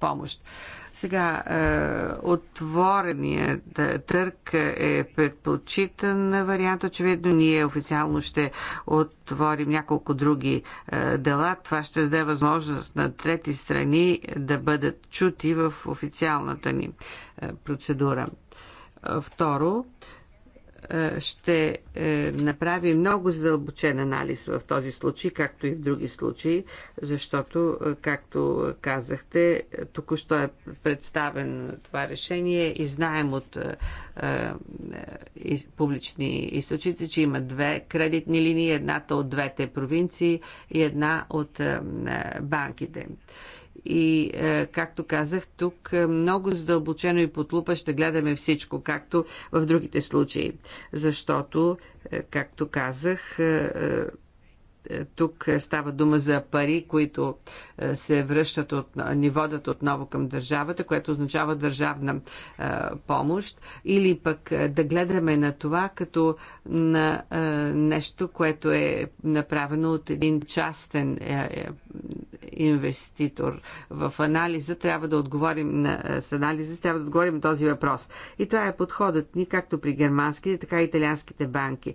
C: помощ. Сега, е, отвореният търг е предпочитан вариант. Очевидно, ние официално ще отворим няколко други дела. Това ще даде възможност на трети страни да бъдат чути в официалната ни процедура. Второ, е, ще е, направи много задълбочен анализ в този случай, както и в други случаи, защото, е, както казахте, току-що е представен това решение и знаем от публични източници, че има две кредитни линии, едната от двете провинции и една от банките и, е, както казах, тук е, много задълбочено и под лупа ще гледаме всичко, както в другите случаи. Защото, е, както казах, е, тук става дума за пари, които е, се връщат от, ни водят отново към държавата, което означава държавна е, помощ, или пък да гледаме на това като на нещо, което е направено от един частен инвеститор. В анализа трябва да отговорим на, с анализа трябва да отговорим този въпрос. И това е подходът ни както при германските, така и италианските банки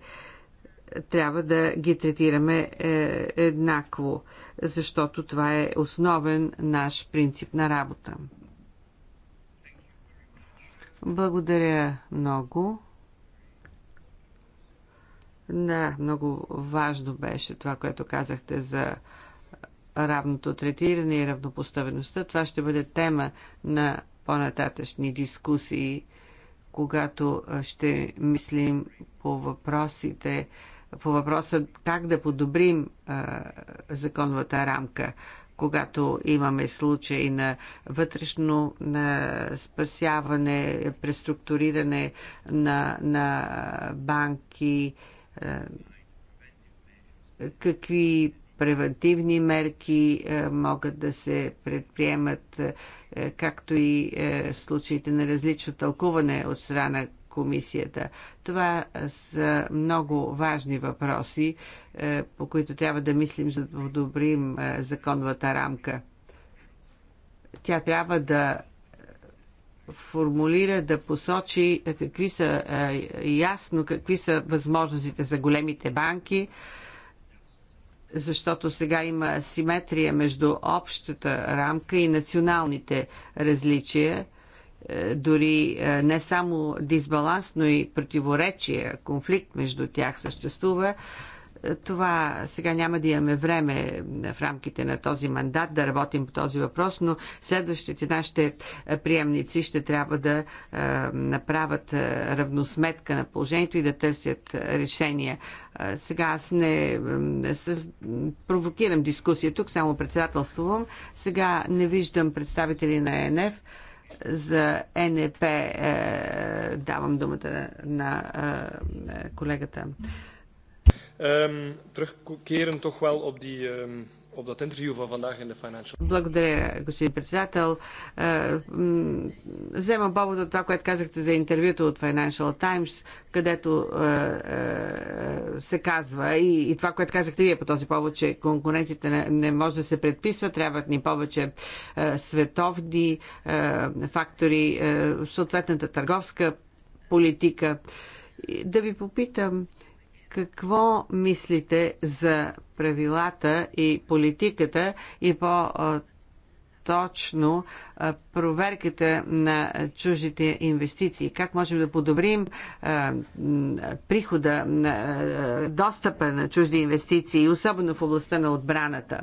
C: трябва да ги третираме е, еднакво, защото това е основен наш принцип на работа. Благодаря много. Да, много важно беше това, което казахте за равното третиране и равнопоставеността. Това ще бъде тема на по-нататъчни дискусии, когато ще мислим по въпросите по въпроса как да подобрим законовата рамка когато имаме случаи на вътрешно на спасяване, преструктуриране на, на банки, какви превентивни мерки могат да се предприемат, както и случаите на различно тълкуване от страна комисията. Това са много важни въпроси, е, по които трябва да мислим, за да подобрим е, законовата рамка. Тя трябва да формулира, да посочи какви са е, ясно, какви са възможностите за големите банки, защото сега има симетрия между общата рамка и националните различия – е, дори е, не само дисбаланс, но и противоречие, конфликт между тях съществува. Е, това сега няма да имаме време в рамките на този мандат да работим по този въпрос, но следващите нашите приемници ще трябва да направят равносметка на положението и да търсят решения. Сега аз не провокирам дискусия тук, само председателствувам. Сега не виждам представители на ЕНФ за НЕП е, давам думата на е, колегата.
B: Um, toch wel op die um, op dat interview van vandaag in de Financial...
C: Благодаря, господин председател. Е, вземам повод от това, което казахте за интервюто от Financial Times, където е, е, се казва и, и това, което казахте вие по този повод, че конкуренцията не, не може да се предписва, трябват ни повече световни фактори, съответната търговска политика. Да ви попитам, какво мислите за правилата и политиката и по точно проверката на чуждите инвестиции. Как можем да подобрим прихода, достъпа на чужди инвестиции, особено в областта на отбраната?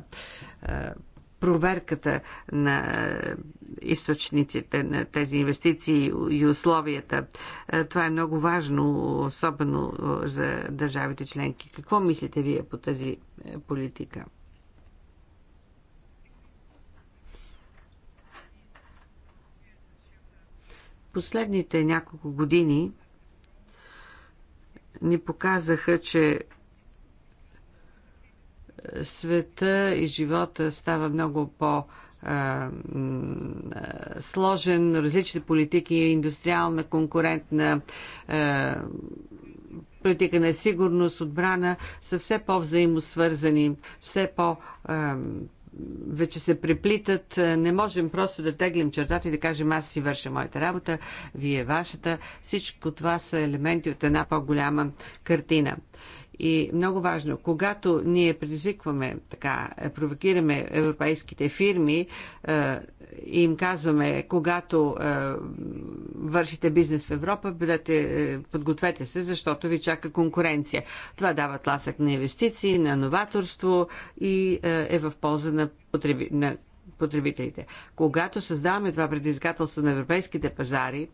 C: проверката на е, източниците на тези инвестиции и условията. Е, това е много важно, особено е, за държавите членки. Какво мислите вие по тази политика? Последните няколко години ни показаха, че света и живота става много по- сложен, различни политики, индустриална, конкурентна, политика на сигурност, отбрана са все по-взаимосвързани, все по- вече се преплитат. Не можем просто да теглим чертата и да кажем аз си върша моята работа, вие вашата. Всичко това са елементи от една по-голяма картина. И много важно, когато ние предизвикваме, така, е, провокираме европейските фирми е, и им казваме, когато е, вършите бизнес в Европа, бъдете, е, подгответе се, защото ви чака конкуренция. Това дава тласък на инвестиции, на новаторство и е, е в полза на, потреби, на потребителите. Когато създаваме това предизвикателство на европейските пазари, е,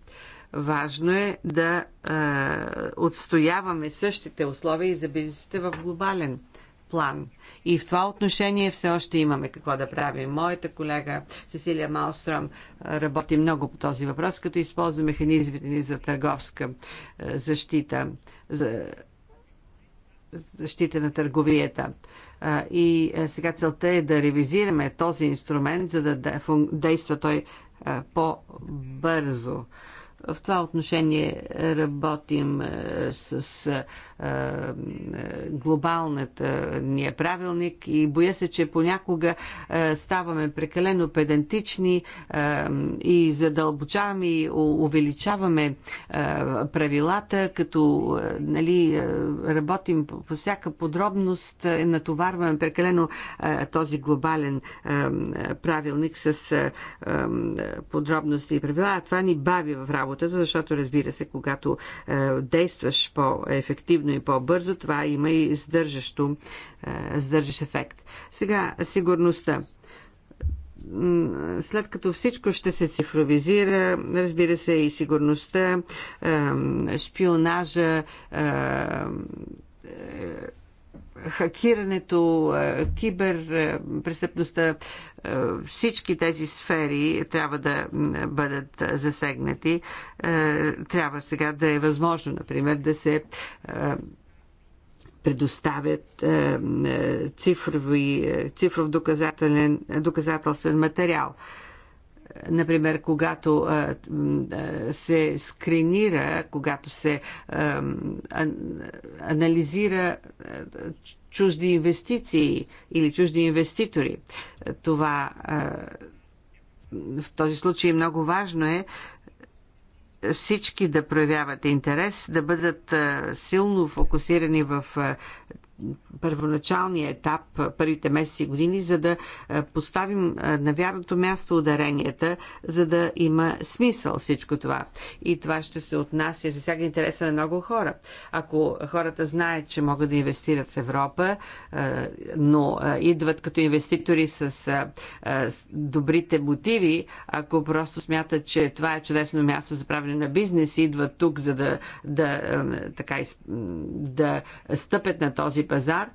C: Важно е да е, отстояваме същите условия и за бизнесите в глобален план. И в това отношение все още имаме какво да правим. Моята колега Сесилия Малстром е, работи много по този въпрос, като използва механизмите ни за търговска е, защита, за защита на търговията. Е, и сега целта е да ревизираме този инструмент, за да действа той по-бързо. В това отношение работим е, с е, глобалната ни е правилник и боя се, че понякога ставаме прекалено педантични и задълбочаваме и увеличаваме правилата, като нали, работим по всяка подробност, натоварваме прекалено този глобален правилник с подробности и правила. това ни бави в работата, защото разбира се, когато действаш по-ефективно по-ефективно и по-бързо, това има и сдържащо, е, сдържащ ефект. Сега, сигурността след като всичко ще се цифровизира, разбира се и сигурността, шпионажа, е, хакирането, е, кибер е, престъпността, е, всички тези сфери трябва да бъдат засегнати. Трябва сега да е възможно, например, да се предоставят цифрови, цифров доказателен, доказателствен материал например, когато се скринира, когато се анализира чужди инвестиции или чужди инвеститори. Това в този случай много важно е всички да проявяват интерес, да бъдат силно фокусирани в първоначалния етап, първите месеци и години, за да е, поставим е, на вярното място ударенията, за да има смисъл всичко това. И това ще се отнася за засяга интереса на много хора. Ако хората знаят, че могат да инвестират в Европа, е, но идват като инвеститори с добрите мотиви, ако просто смятат, че това е чудесно място за правене на бизнес и идват тук, за да, да, така, да стъпят на този пазар,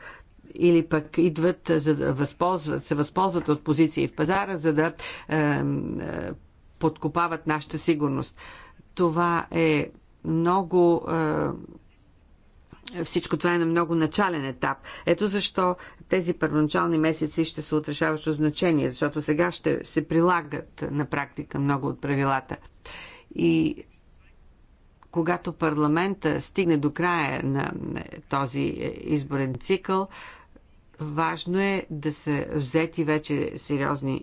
C: или пък идват, за да възползват, се възползват от позиции в пазара, за да е, е, подкопават нашата сигурност. Това е много. Е, всичко това е на много начален етап. Ето защо тези първоначални месеци ще са отрешаващо значение, защото сега ще се прилагат на практика много от правилата. И когато парламента стигне до края на този изборен цикъл, Важно е да са взети вече сериозни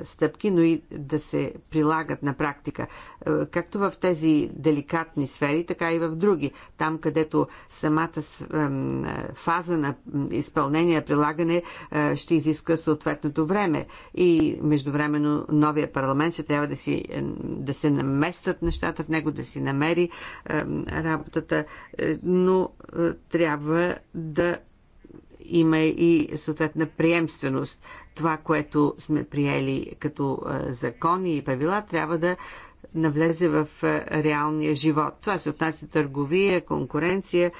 C: е, стъпки, но и да се прилагат на практика. Е, както в тези деликатни сфери, така и в други. Там, където самата е, фаза на изпълнение, прилагане ще изиска съответното време. И междувременно новия парламент ще трябва да, си, да се наместят нещата в него, да си намери работата, но трябва да има и съответна приемственост. Това, което сме приели като закони и правила, трябва да навлезе в реалния живот. Това се отнася търговия, конкуренция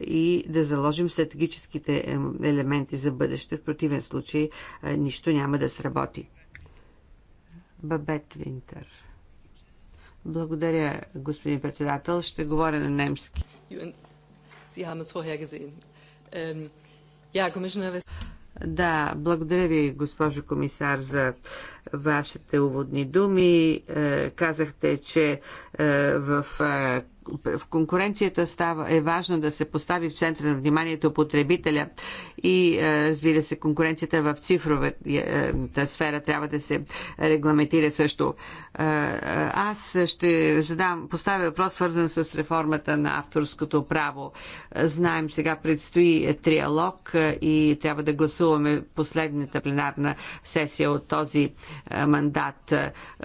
C: и да заложим стратегическите елементи за бъдеще. В противен случай нищо няма да сработи. Бабет Винтер. Благодаря, господин председател. Ще говоря на немски.
B: Sie haben es gesehen. Ähm,
C: да, благодаря ви, госпожо комисар, за вашите уводни думи. Е, казахте, че е, в е, в конкуренцията става, е важно да се постави в центъра на вниманието потребителя и е, разбира се, конкуренцията в цифровата сфера трябва да се регламентира също. Е, е, аз ще задам, поставя въпрос, свързан с реформата на авторското право. Знаем, сега предстои триалог и трябва да гласуваме последната пленарна сесия от този мандат.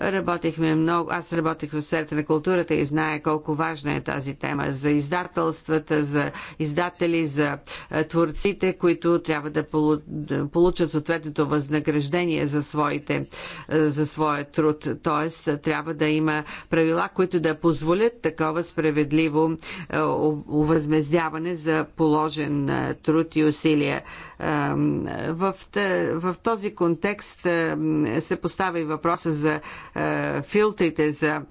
C: Работихме много, аз работих в сферата на културата и знае колко важна е обсъждане тази тема, за издателствата, за издатели, за е, творците, които трябва да получат съответното възнаграждение за, своите, е, за своя труд. Тоест, трябва да има правила, които да позволят такова справедливо е, увъзмездяване за положен труд и усилия. В този контекст се поставя и въпроса за филтрите за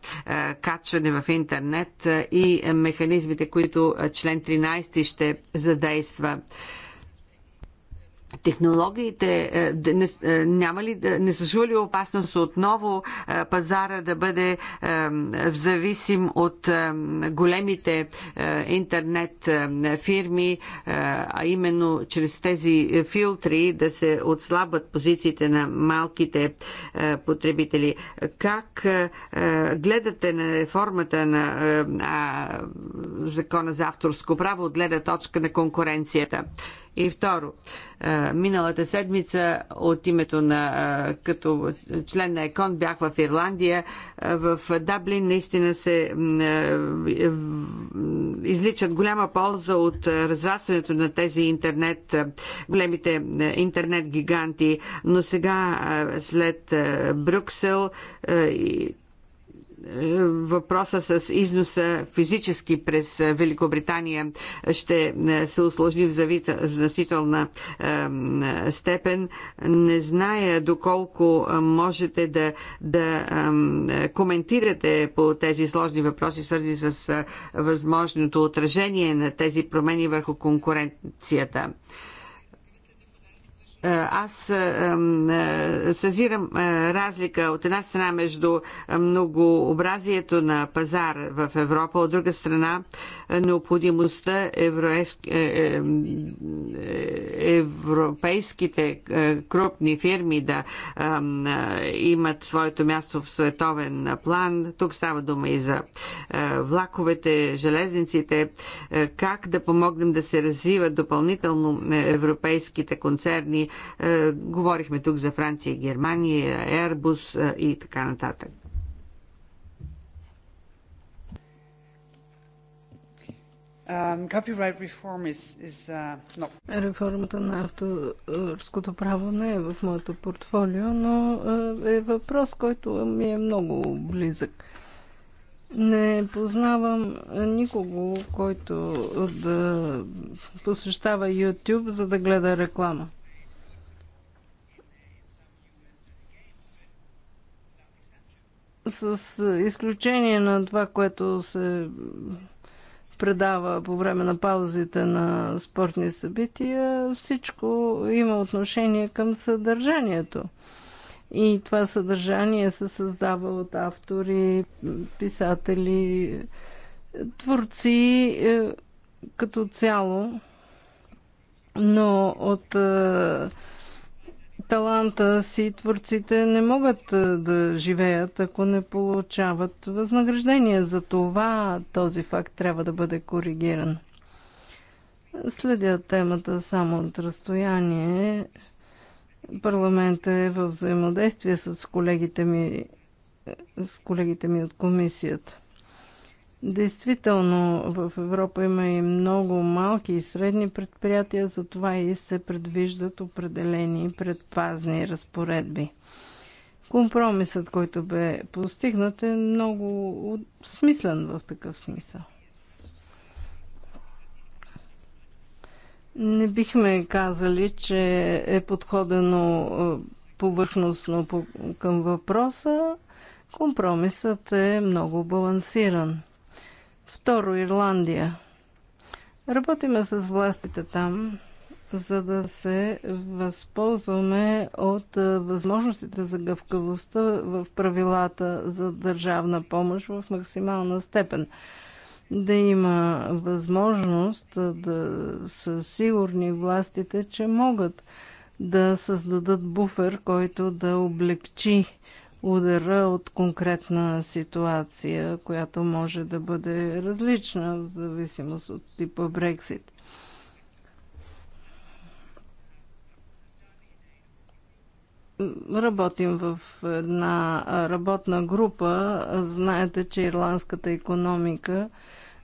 C: качване в интернет и механизмите, които член 13 ще задейства технологиите е, не, е, няма ли, не съществува ли опасност отново е, пазара да бъде зависим от големите интернет фирми, а именно чрез тези филтри да се отслабват позициите на малките потребители. Как гледате на реформата на закона за авторско право от гледна точка на конкуренцията? И второ, миналата седмица от името на като член на ЕКОН бях в Ирландия. В Даблин наистина се изличат голяма полза от разрастването на тези интернет, големите интернет гиганти. Но сега след Брюксел и е, въпроса с износа физически през Великобритания ще е, се усложни в значителна е, степен. Не зная доколко можете да, да коментирате по тези сложни въпроси, свързани с възможното отражение на тези промени върху конкуренцията. Е, аз е, е, съзирам разлика от една страна между многообразието на пазар в Европа, от друга страна необходимостта европейските крупни фирми да имат своето място в световен план. Тук става дума и за влаковете, железниците, как да помогнем да се развиват допълнително европейските концерни, е, говорихме тук за Франция, Германия, Airbus е, и така нататък.
B: Um, uh, Реформата на авторското право не е в моето портфолио, но е, е въпрос, който ми е много близък. Не познавам никого, който да посещава YouTube, за да гледа реклама. с изключение на това, което се предава по време на паузите на спортни събития, всичко има отношение към съдържанието. И това съдържание се създава от автори, писатели, творци е, като цяло, но от е, таланта си творците не могат да живеят, ако не получават възнаграждение. За това този факт трябва да бъде коригиран. Следя темата само от разстояние. Парламентът е в взаимодействие с колегите ми, с колегите ми от комисията. Действително в Европа има и много малки и средни предприятия, затова и се предвиждат определени предпазни разпоредби. Компромисът, който бе постигнат, е много смислен в такъв смисъл. Не бихме казали, че е подходено е, повърхностно към въпроса. Компромисът е много балансиран. Второ, Ирландия. Работиме с властите там, за да се възползваме от е, възможностите за гъвкавостта в правилата за държавна помощ в максимална степен. Да има възможност е, да са сигурни властите, че могат да създадат буфер, който да облегчи удара от конкретна ситуация, която може да бъде различна в зависимост от типа Брексит. Работим в една работна група. Знаете, че ирландската економика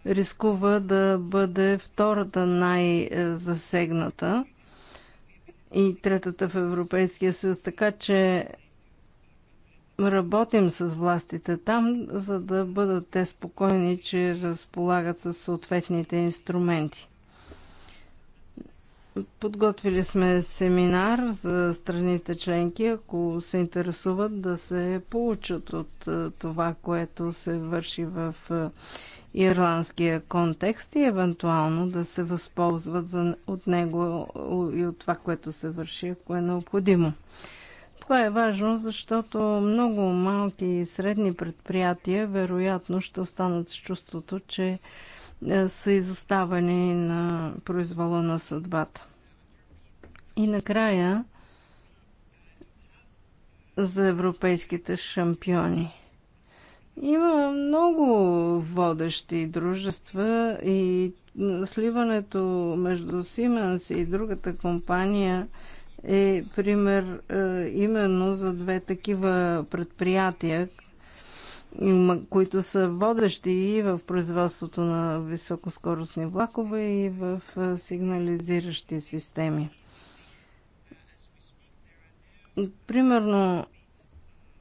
B: рискува да бъде втората най-засегната и третата в Европейския съюз. Така че работим с властите там, за да бъдат те спокойни, че разполагат с съответните инструменти. Подготвили сме семинар за страните членки, ако се интересуват да се получат от е, това, което се върши в е, ирландския контекст и евентуално да се възползват от него и от това, което се върши, ако е необходимо. Това е важно, защото много малки и средни предприятия вероятно ще останат с чувството, че е, са изоставани на произвола на съдбата. И накрая за европейските шампиони. Има много водещи дружества и сливането между Siemens и другата компания – е пример е, именно за две такива предприятия, които са водещи и в производството на високоскоростни влакове и в е, сигнализиращи системи. Примерно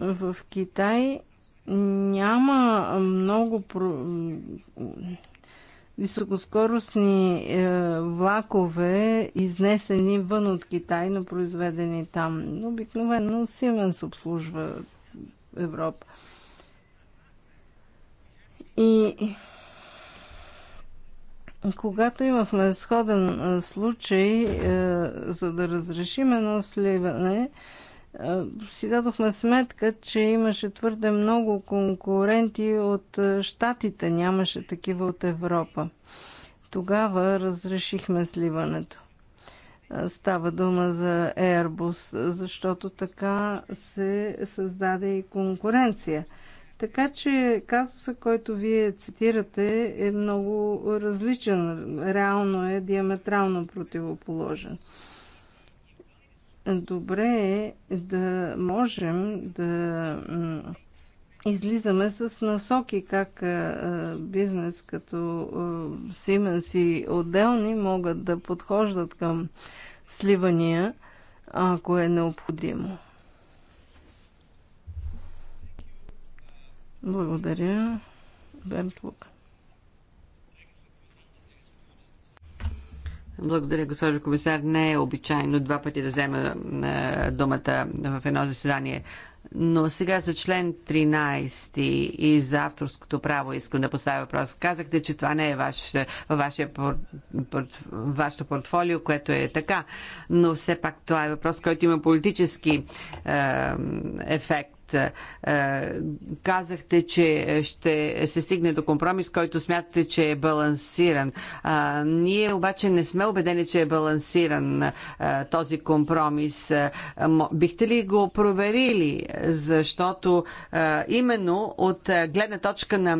B: в Китай няма много високоскоростни е, влакове, изнесени вън от Китай, но произведени там. Обикновено Сименс обслужва Европа. И когато имахме сходен е, случай, е, за да разрешим едно сливане, си дадохме сметка, че имаше твърде много конкуренти от Штатите, нямаше такива от Европа. Тогава разрешихме сливането. Става дума за Airbus, защото така се създаде и конкуренция. Така че казуса, който вие цитирате, е много различен. Реално е диаметрално противоположен добре е да можем да излизаме с насоки как бизнес като Siemens и отделни могат да подхождат към сливания, ако е необходимо. Благодаря. Бернт Лука.
C: Благодаря, госпожо комисар. Не е обичайно два пъти да взема е, думата в едно заседание. Но сега за член 13 и за авторското право искам да поставя въпрос. Казахте, че това не е ваше ваше, порт, вашето портфолио, което е така, но все пак това е въпрос, който има политически е, ефект е, е, казахте, че ще се стигне до компромис, който смятате, че е балансиран. Ние обаче не сме убедени, че е балансиран е, този компромис. Бихте ли го проверили? Защото именно от гледна точка на,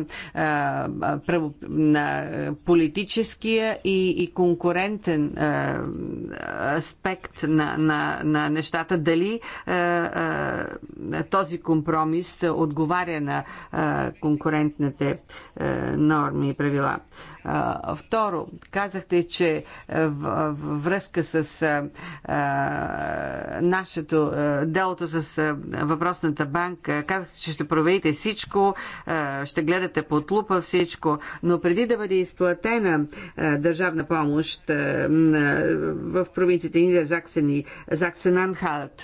C: на политическия и, и конкурентен аспект на, на, на нещата, дали този компромис отговаря на конкурентните норми и правила. Второ, казахте, че връзка с нашето делото с въпросната банка, казахте, че ще проверите всичко, ще гледате под лупа всичко, но преди да бъде изплатена държавна помощ в провинците Нидер Заксен и Заксен Анхалт,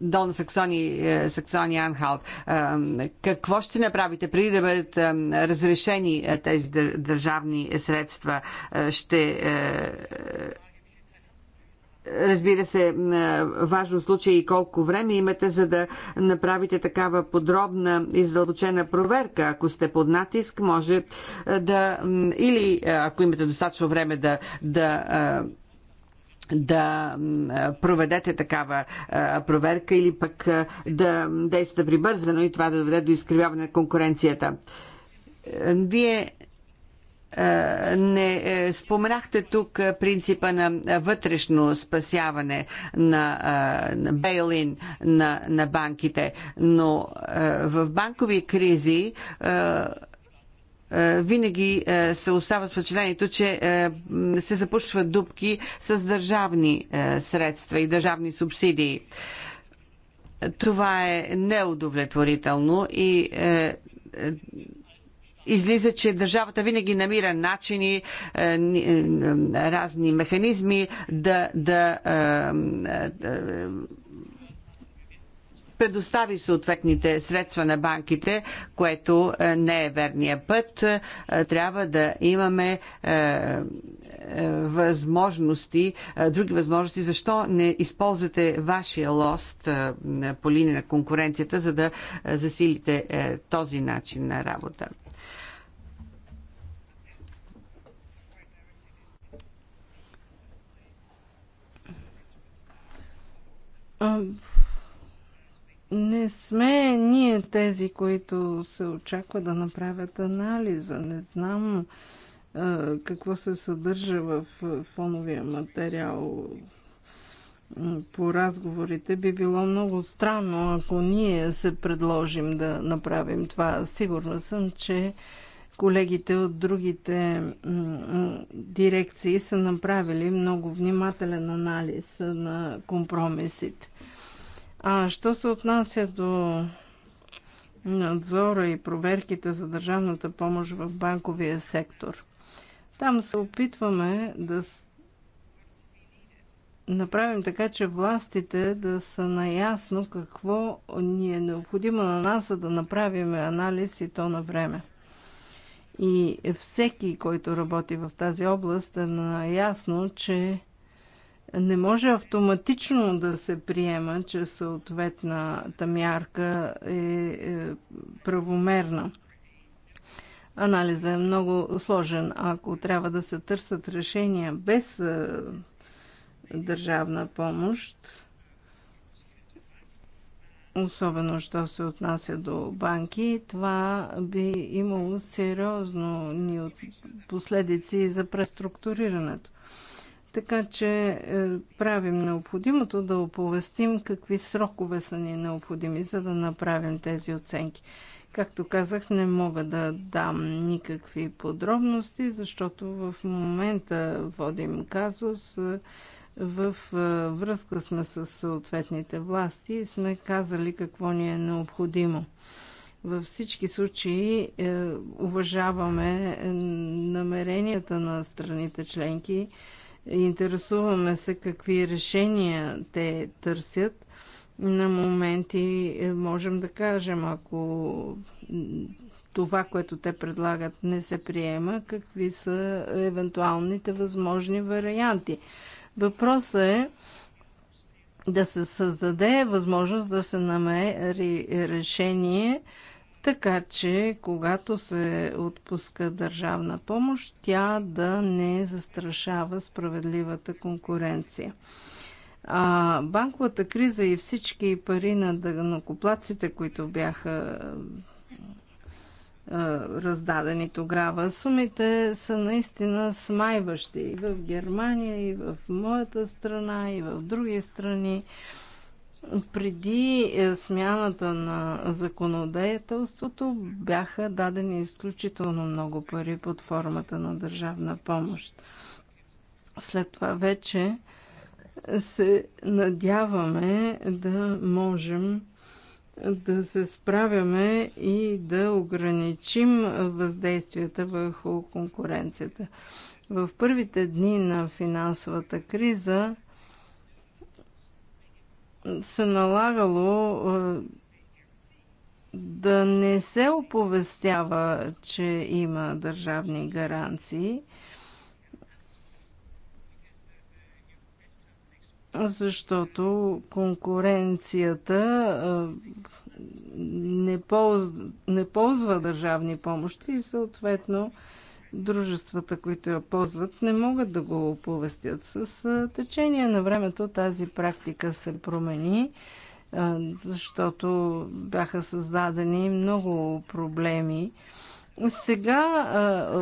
C: Дон е, Саксония, Саксони Анхалт. Е, какво ще направите преди да бъдат е, разрешени тези държавни средства? Ще Разбира се, важно случай и колко време имате, за да направите такава подробна и задълбочена проверка. Ако сте под натиск, може да. Или ако имате достатъчно време да, да да проведете такава проверка или пък да действате прибързано и това да доведе до изкривяване на конкуренцията. Вие не е, споменахте тук принципа на вътрешно спасяване на, на бейлин на, на банките, но в банкови кризи е, винаги е, се остава с впечатлението, че е, се запушват дупки с държавни средства и държавни субсидии. Това е неудовлетворително и излиза, че държавата винаги намира начини, разни механизми да, да предостави съответните средства на банките, което е, не е верния път. Е, трябва да имаме е, възможности, други възможности. Защо не използвате вашия лост по линия на конкуренцията, за да засилите този начин на работа?
B: Не сме ние тези, които се очаква да направят анализа. Не знам а, какво се съдържа в фоновия материал по разговорите. Би било много странно, ако ние се предложим да направим това. Сигурна съм, че колегите от другите дирекции са направили много внимателен анализ на компромисите. А що се отнася до надзора и проверките за държавната помощ в банковия сектор, там се опитваме да направим така, че властите да са наясно какво ни е необходимо на нас, за да направим анализ и то на време. И всеки, който работи в тази област, е наясно, че не може автоматично да се приема, че съответната мярка е, е правомерна. Анализа е много сложен. Ако трябва да се търсят решения без е, държавна помощ, особено що се отнася до банки, това би имало сериозно последици за преструктурирането. Така че е, правим необходимото да оповестим какви срокове са ни необходими, за да направим тези оценки. Както казах, не мога да дам никакви подробности, защото в момента водим казус е, в е, връзка сме с съответните власти и сме казали какво ни е необходимо. Във всички случаи уважаваме намеренията на страните членки Интересуваме се какви решения те търсят. На моменти е, можем да кажем, ако това, което те предлагат, не се приема, какви са евентуалните възможни варианти. Въпросът е да се създаде възможност да се намери решение, така че когато се отпуска държавна помощ, тя да не застрашава справедливата конкуренция. А банковата криза и всички пари на дъгнокоплаците, които бяха раздадени тогава. Сумите са наистина смайващи и в Германия, и в моята страна, и в други страни. Преди е, смяната на законодателството бяха дадени изключително много пари под формата на държавна помощ. След това вече се надяваме да можем да се справяме и да ограничим въздействията върху конкуренцията. В първите дни на финансовата криза се налагало е, да не се оповестява, че има държавни гаранции, защото конкуренцията е, не ползва, не ползва държавни помощи и съответно дружествата, които я ползват, не могат да го оповестят. С течение на времето тази практика се промени, защото бяха създадени много проблеми. Сега,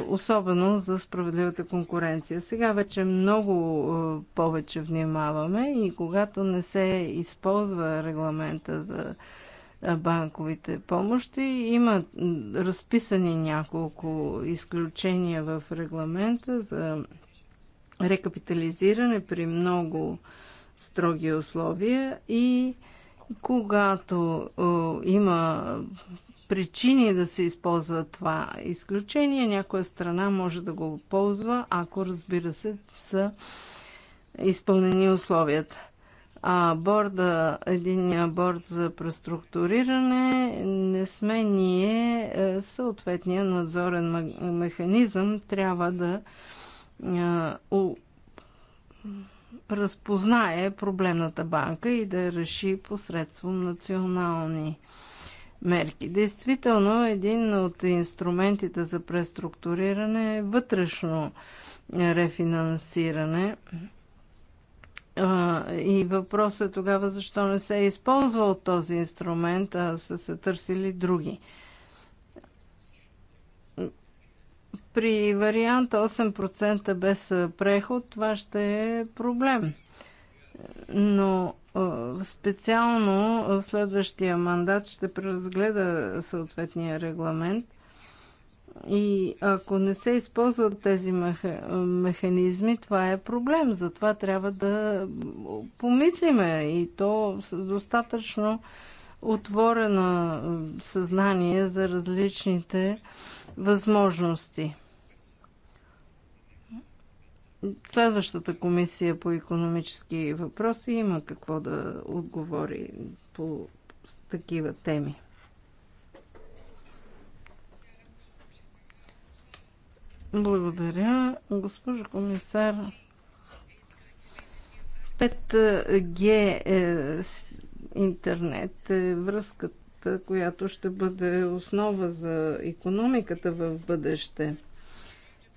B: особено за справедливата конкуренция, сега вече много повече внимаваме и когато не се използва регламента за банковите помощи. Има разписани няколко изключения в регламента за рекапитализиране при много строги условия и когато има причини да се използва това изключение, някоя страна може да го ползва, ако разбира се са изпълнени условията. А борда, единния борд за преструктуриране не сме ние, е, съответния надзорен механизъм трябва да разпознае проблемната банка и да реши посредством национални мерки. Действително, един от инструментите за преструктуриране е вътрешно е, рефинансиране – и въпросът е тогава защо не се е използвал този инструмент, а са се търсили други. При вариант 8% без преход това ще е проблем. Но специално следващия мандат ще преразгледа съответния регламент – и ако не се използват тези механизми, това е проблем. Затова трябва да помислиме и то с достатъчно отворено съзнание за различните възможности. Следващата комисия по економически въпроси има какво да отговори по такива теми. Благодаря, госпожо комисар. 5G е интернет е връзката, която ще бъде основа за економиката в бъдеще.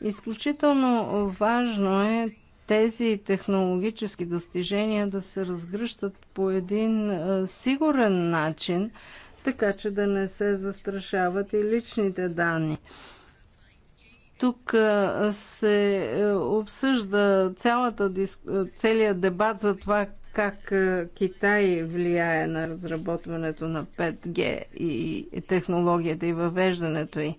B: Изключително важно е тези технологически достижения да се разгръщат по един е, сигурен начин, така че да не се застрашават и личните данни. Тук се е, обсъжда цялата, е, целият дебат за това как е, Китай влияе на разработването на 5G и технологията и въвеждането й.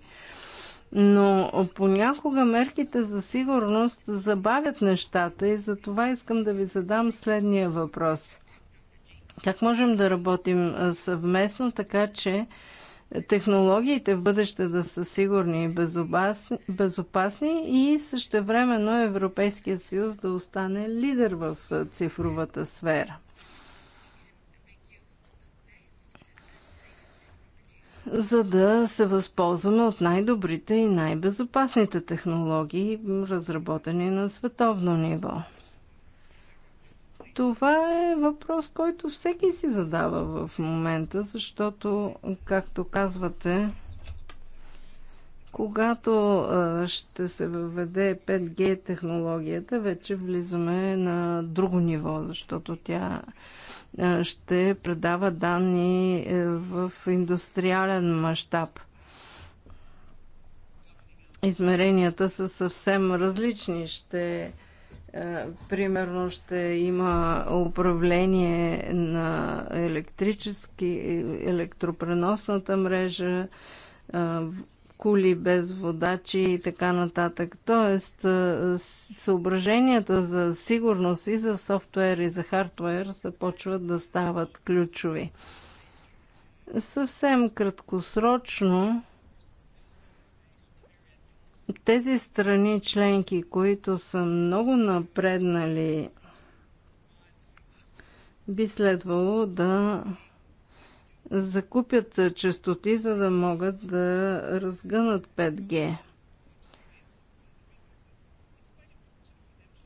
B: Но понякога мерките за сигурност забавят нещата и за това искам да ви задам следния въпрос. Как можем да работим съвместно, така че технологиите в бъдеще да са сигурни и безопасни, безопасни и същевременно Европейския съюз да остане лидер в цифровата сфера. за да се възползваме от най-добрите и най-безопасните технологии, разработени на световно ниво. Това е въпрос, който всеки си задава в момента, защото, както казвате, когато ще се въведе 5G технологията, вече влизаме на друго ниво, защото тя ще предава данни е, в индустриален мащаб. Измеренията са съвсем различни. Ще е, примерно ще има управление на електрически, електропреносната мрежа, е, кули без водачи и така нататък. Тоест, е, съображенията за сигурност и за софтуер и за хардуер започват да стават ключови. Съвсем краткосрочно, тези страни членки, които са много напреднали, би следвало да закупят частоти, за да могат да разгънат 5G.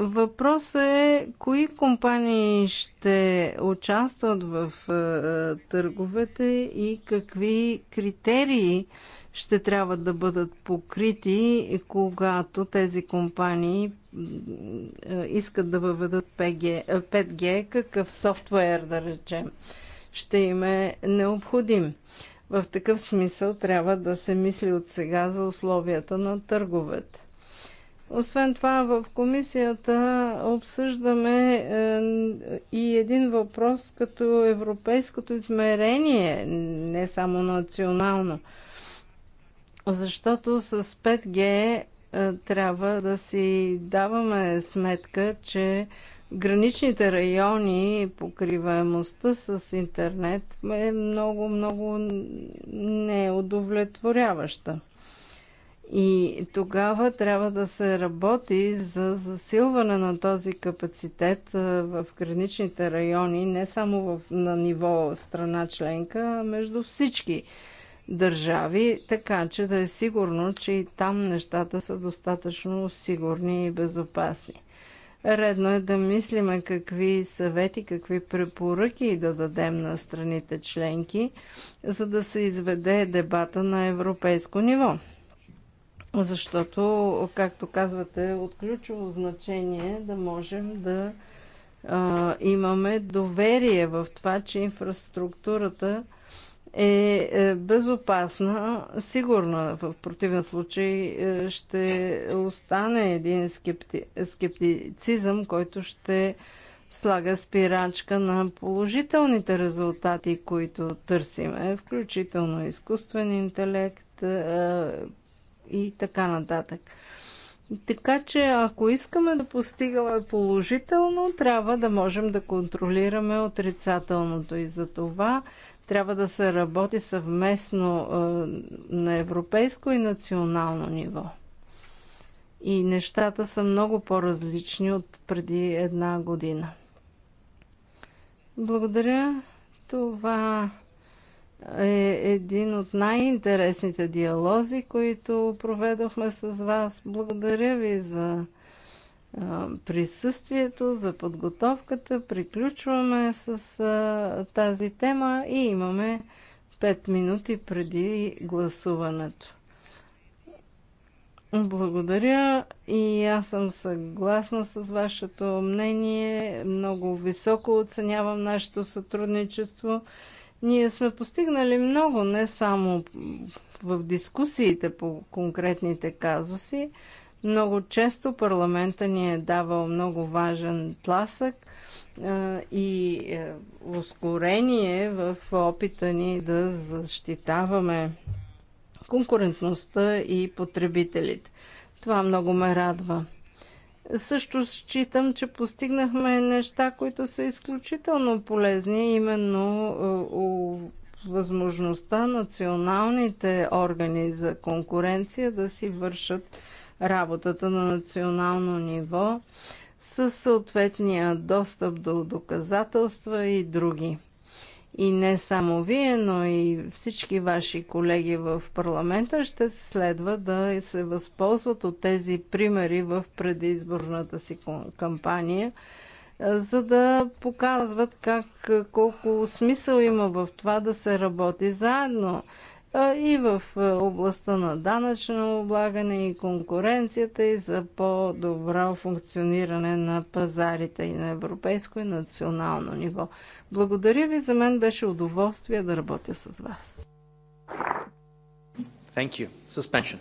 B: Въпросът е кои компании ще участват в е, търговете и какви критерии ще трябва да бъдат покрити, когато тези компании е, искат да въведат 5G, е, какъв софтуер да речем ще им е необходим. В такъв смисъл трябва да се мисли от сега за условията на търговете. Освен това, в комисията обсъждаме е, и един въпрос като европейското измерение, не само национално. Защото с 5G е, трябва да си даваме сметка, че граничните райони и покриваемостта с интернет е много, много неудовлетворяваща. И тогава трябва да се работи за засилване на този капацитет е, в граничните райони, не само в, на ниво страна членка, а между всички държави, така че да е сигурно, че и там нещата са достатъчно сигурни и безопасни. Редно е да мислиме какви съвети, какви препоръки да дадем на страните членки, за да се изведе дебата на европейско ниво. Защото, както казвате, от ключово значение е да можем да а, имаме доверие в това, че инфраструктурата – е, е безопасна, сигурна. В противен случай е, ще остане един скепти... скептицизъм, който ще слага спирачка на положителните резултати, които търсиме, включително изкуствен интелект е, и така нататък. Така че, ако искаме да постигаме положително, трябва да можем да контролираме отрицателното и за това трябва да се работи съвместно на европейско и национално ниво. И нещата са много по-различни от преди една година. Благодаря. Това е един от най-интересните диалози, които проведохме с вас. Благодаря ви за присъствието, за подготовката. Приключваме с тази тема и имаме 5 минути преди гласуването. Благодаря и аз съм съгласна с вашето мнение. Много високо оценявам нашето сътрудничество. Ние сме постигнали много, не само в дискусиите по конкретните казуси, много често парламента ни е давал много важен тласък и е, ускорение в опита ни да защитаваме конкурентността и потребителите. Това много ме радва. Също считам, че постигнахме неща, които са изключително полезни, именно е, възможността националните органи за конкуренция да си вършат работата на национално ниво с съответния достъп до доказателства и други. И не само вие, но и всички ваши колеги в парламента ще следва да се възползват от тези примери в предизборната си кампания, за да показват как, колко смисъл има в това да се работи заедно и в областта на данъчно облагане и конкуренцията и за по-добро функциониране на пазарите и на европейско и национално ниво. Благодаря ви, за мен беше удоволствие да работя с вас. Thank you. Suspension.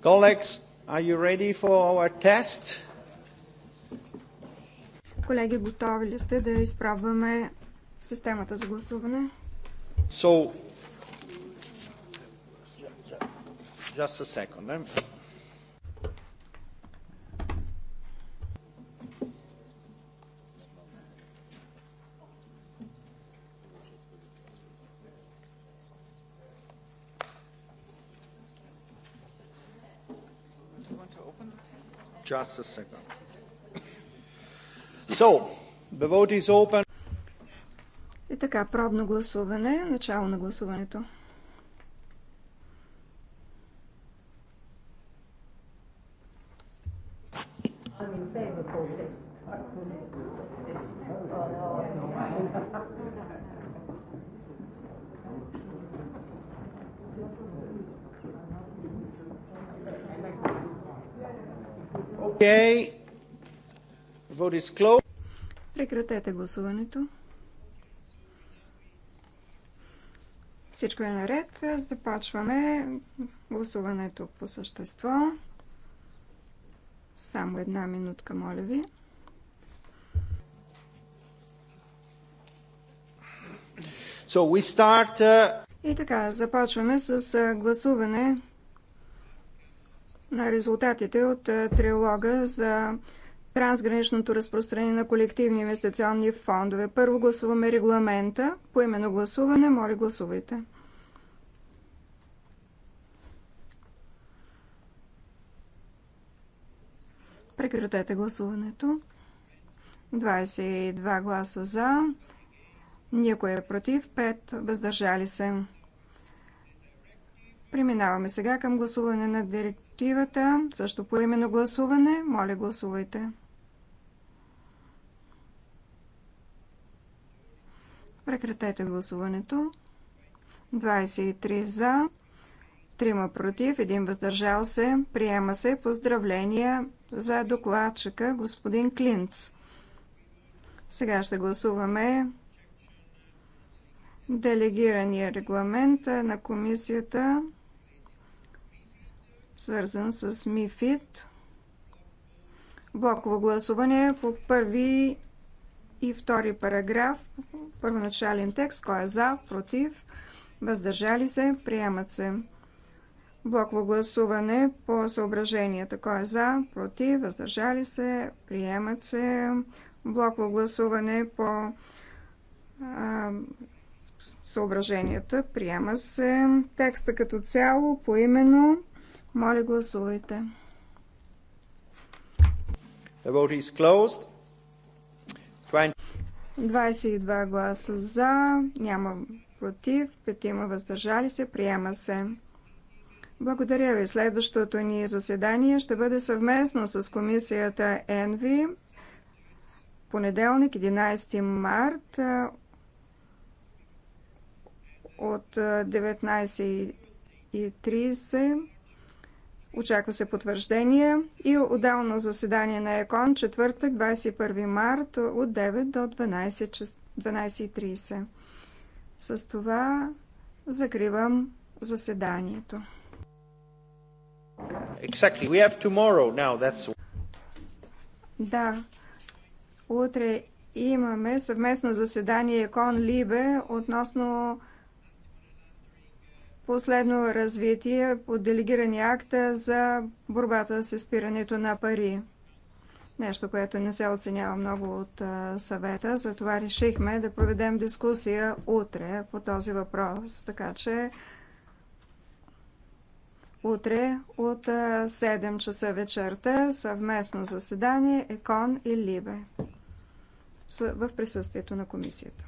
B: Colleagues, are you ready for our test?
A: Колеги, готови ли сте да изправваме системата за гласуване? So, just a second. Eh?
B: Just a second. So, the vote is open.
A: И така, пробно гласуване, начало на гласуването. Прекратете гласуването. Всичко е наред. Започваме гласуването по същество. Само една минутка, моля ви. So we start, uh... И така, започваме с гласуване на резултатите от трилога за трансграничното разпространение на колективни инвестиционни фондове. Първо гласуваме регламента. По именно гласуване, моля гласувайте. Прекратете гласуването. 22 гласа за, никой е против, 5 въздържали се. Преминаваме сега към гласуване на директивата, също по именно гласуване. Моля гласувайте. Прекратете гласуването. 23 за, 3 против, 1 въздържал се. Приема се поздравления за докладчика господин Клинц. Сега ще гласуваме делегирания регламент на комисията, свързан с МИФИД. Блоково гласуване по първи и втори параграф, първоначален текст, кой е за, против, въздържали се, приемат се. Блоково гласуване по съображенията, кой е за, против, въздържали се, приемат се. Блоково гласуване по а, съображенията, приема се. Текста като цяло, именно, моля гласувайте.
B: The vote is closed.
A: 22 гласа за, няма против, петима въздържали се, приема се. Благодаря ви. Следващото ни заседание ще бъде съвместно с комисията ЕНВИ. Понеделник, 11 март от 19.30 Очаква се потвърждение и отделно заседание на ЕКОН четвъртък 21 март от 9 до 12.30. 12 С това закривам заседанието.
B: Exactly. We have tomorrow now. That's...
A: Да. Утре имаме съвместно заседание Екон Либе относно последно развитие по делегирани акта за борбата с изпирането на пари. Нещо, което не се оценява много от съвета, затова решихме да проведем дискусия утре по този въпрос, така че утре от 7 часа вечерта съвместно заседание ЕКОН и ЛИБЕ в присъствието на комисията.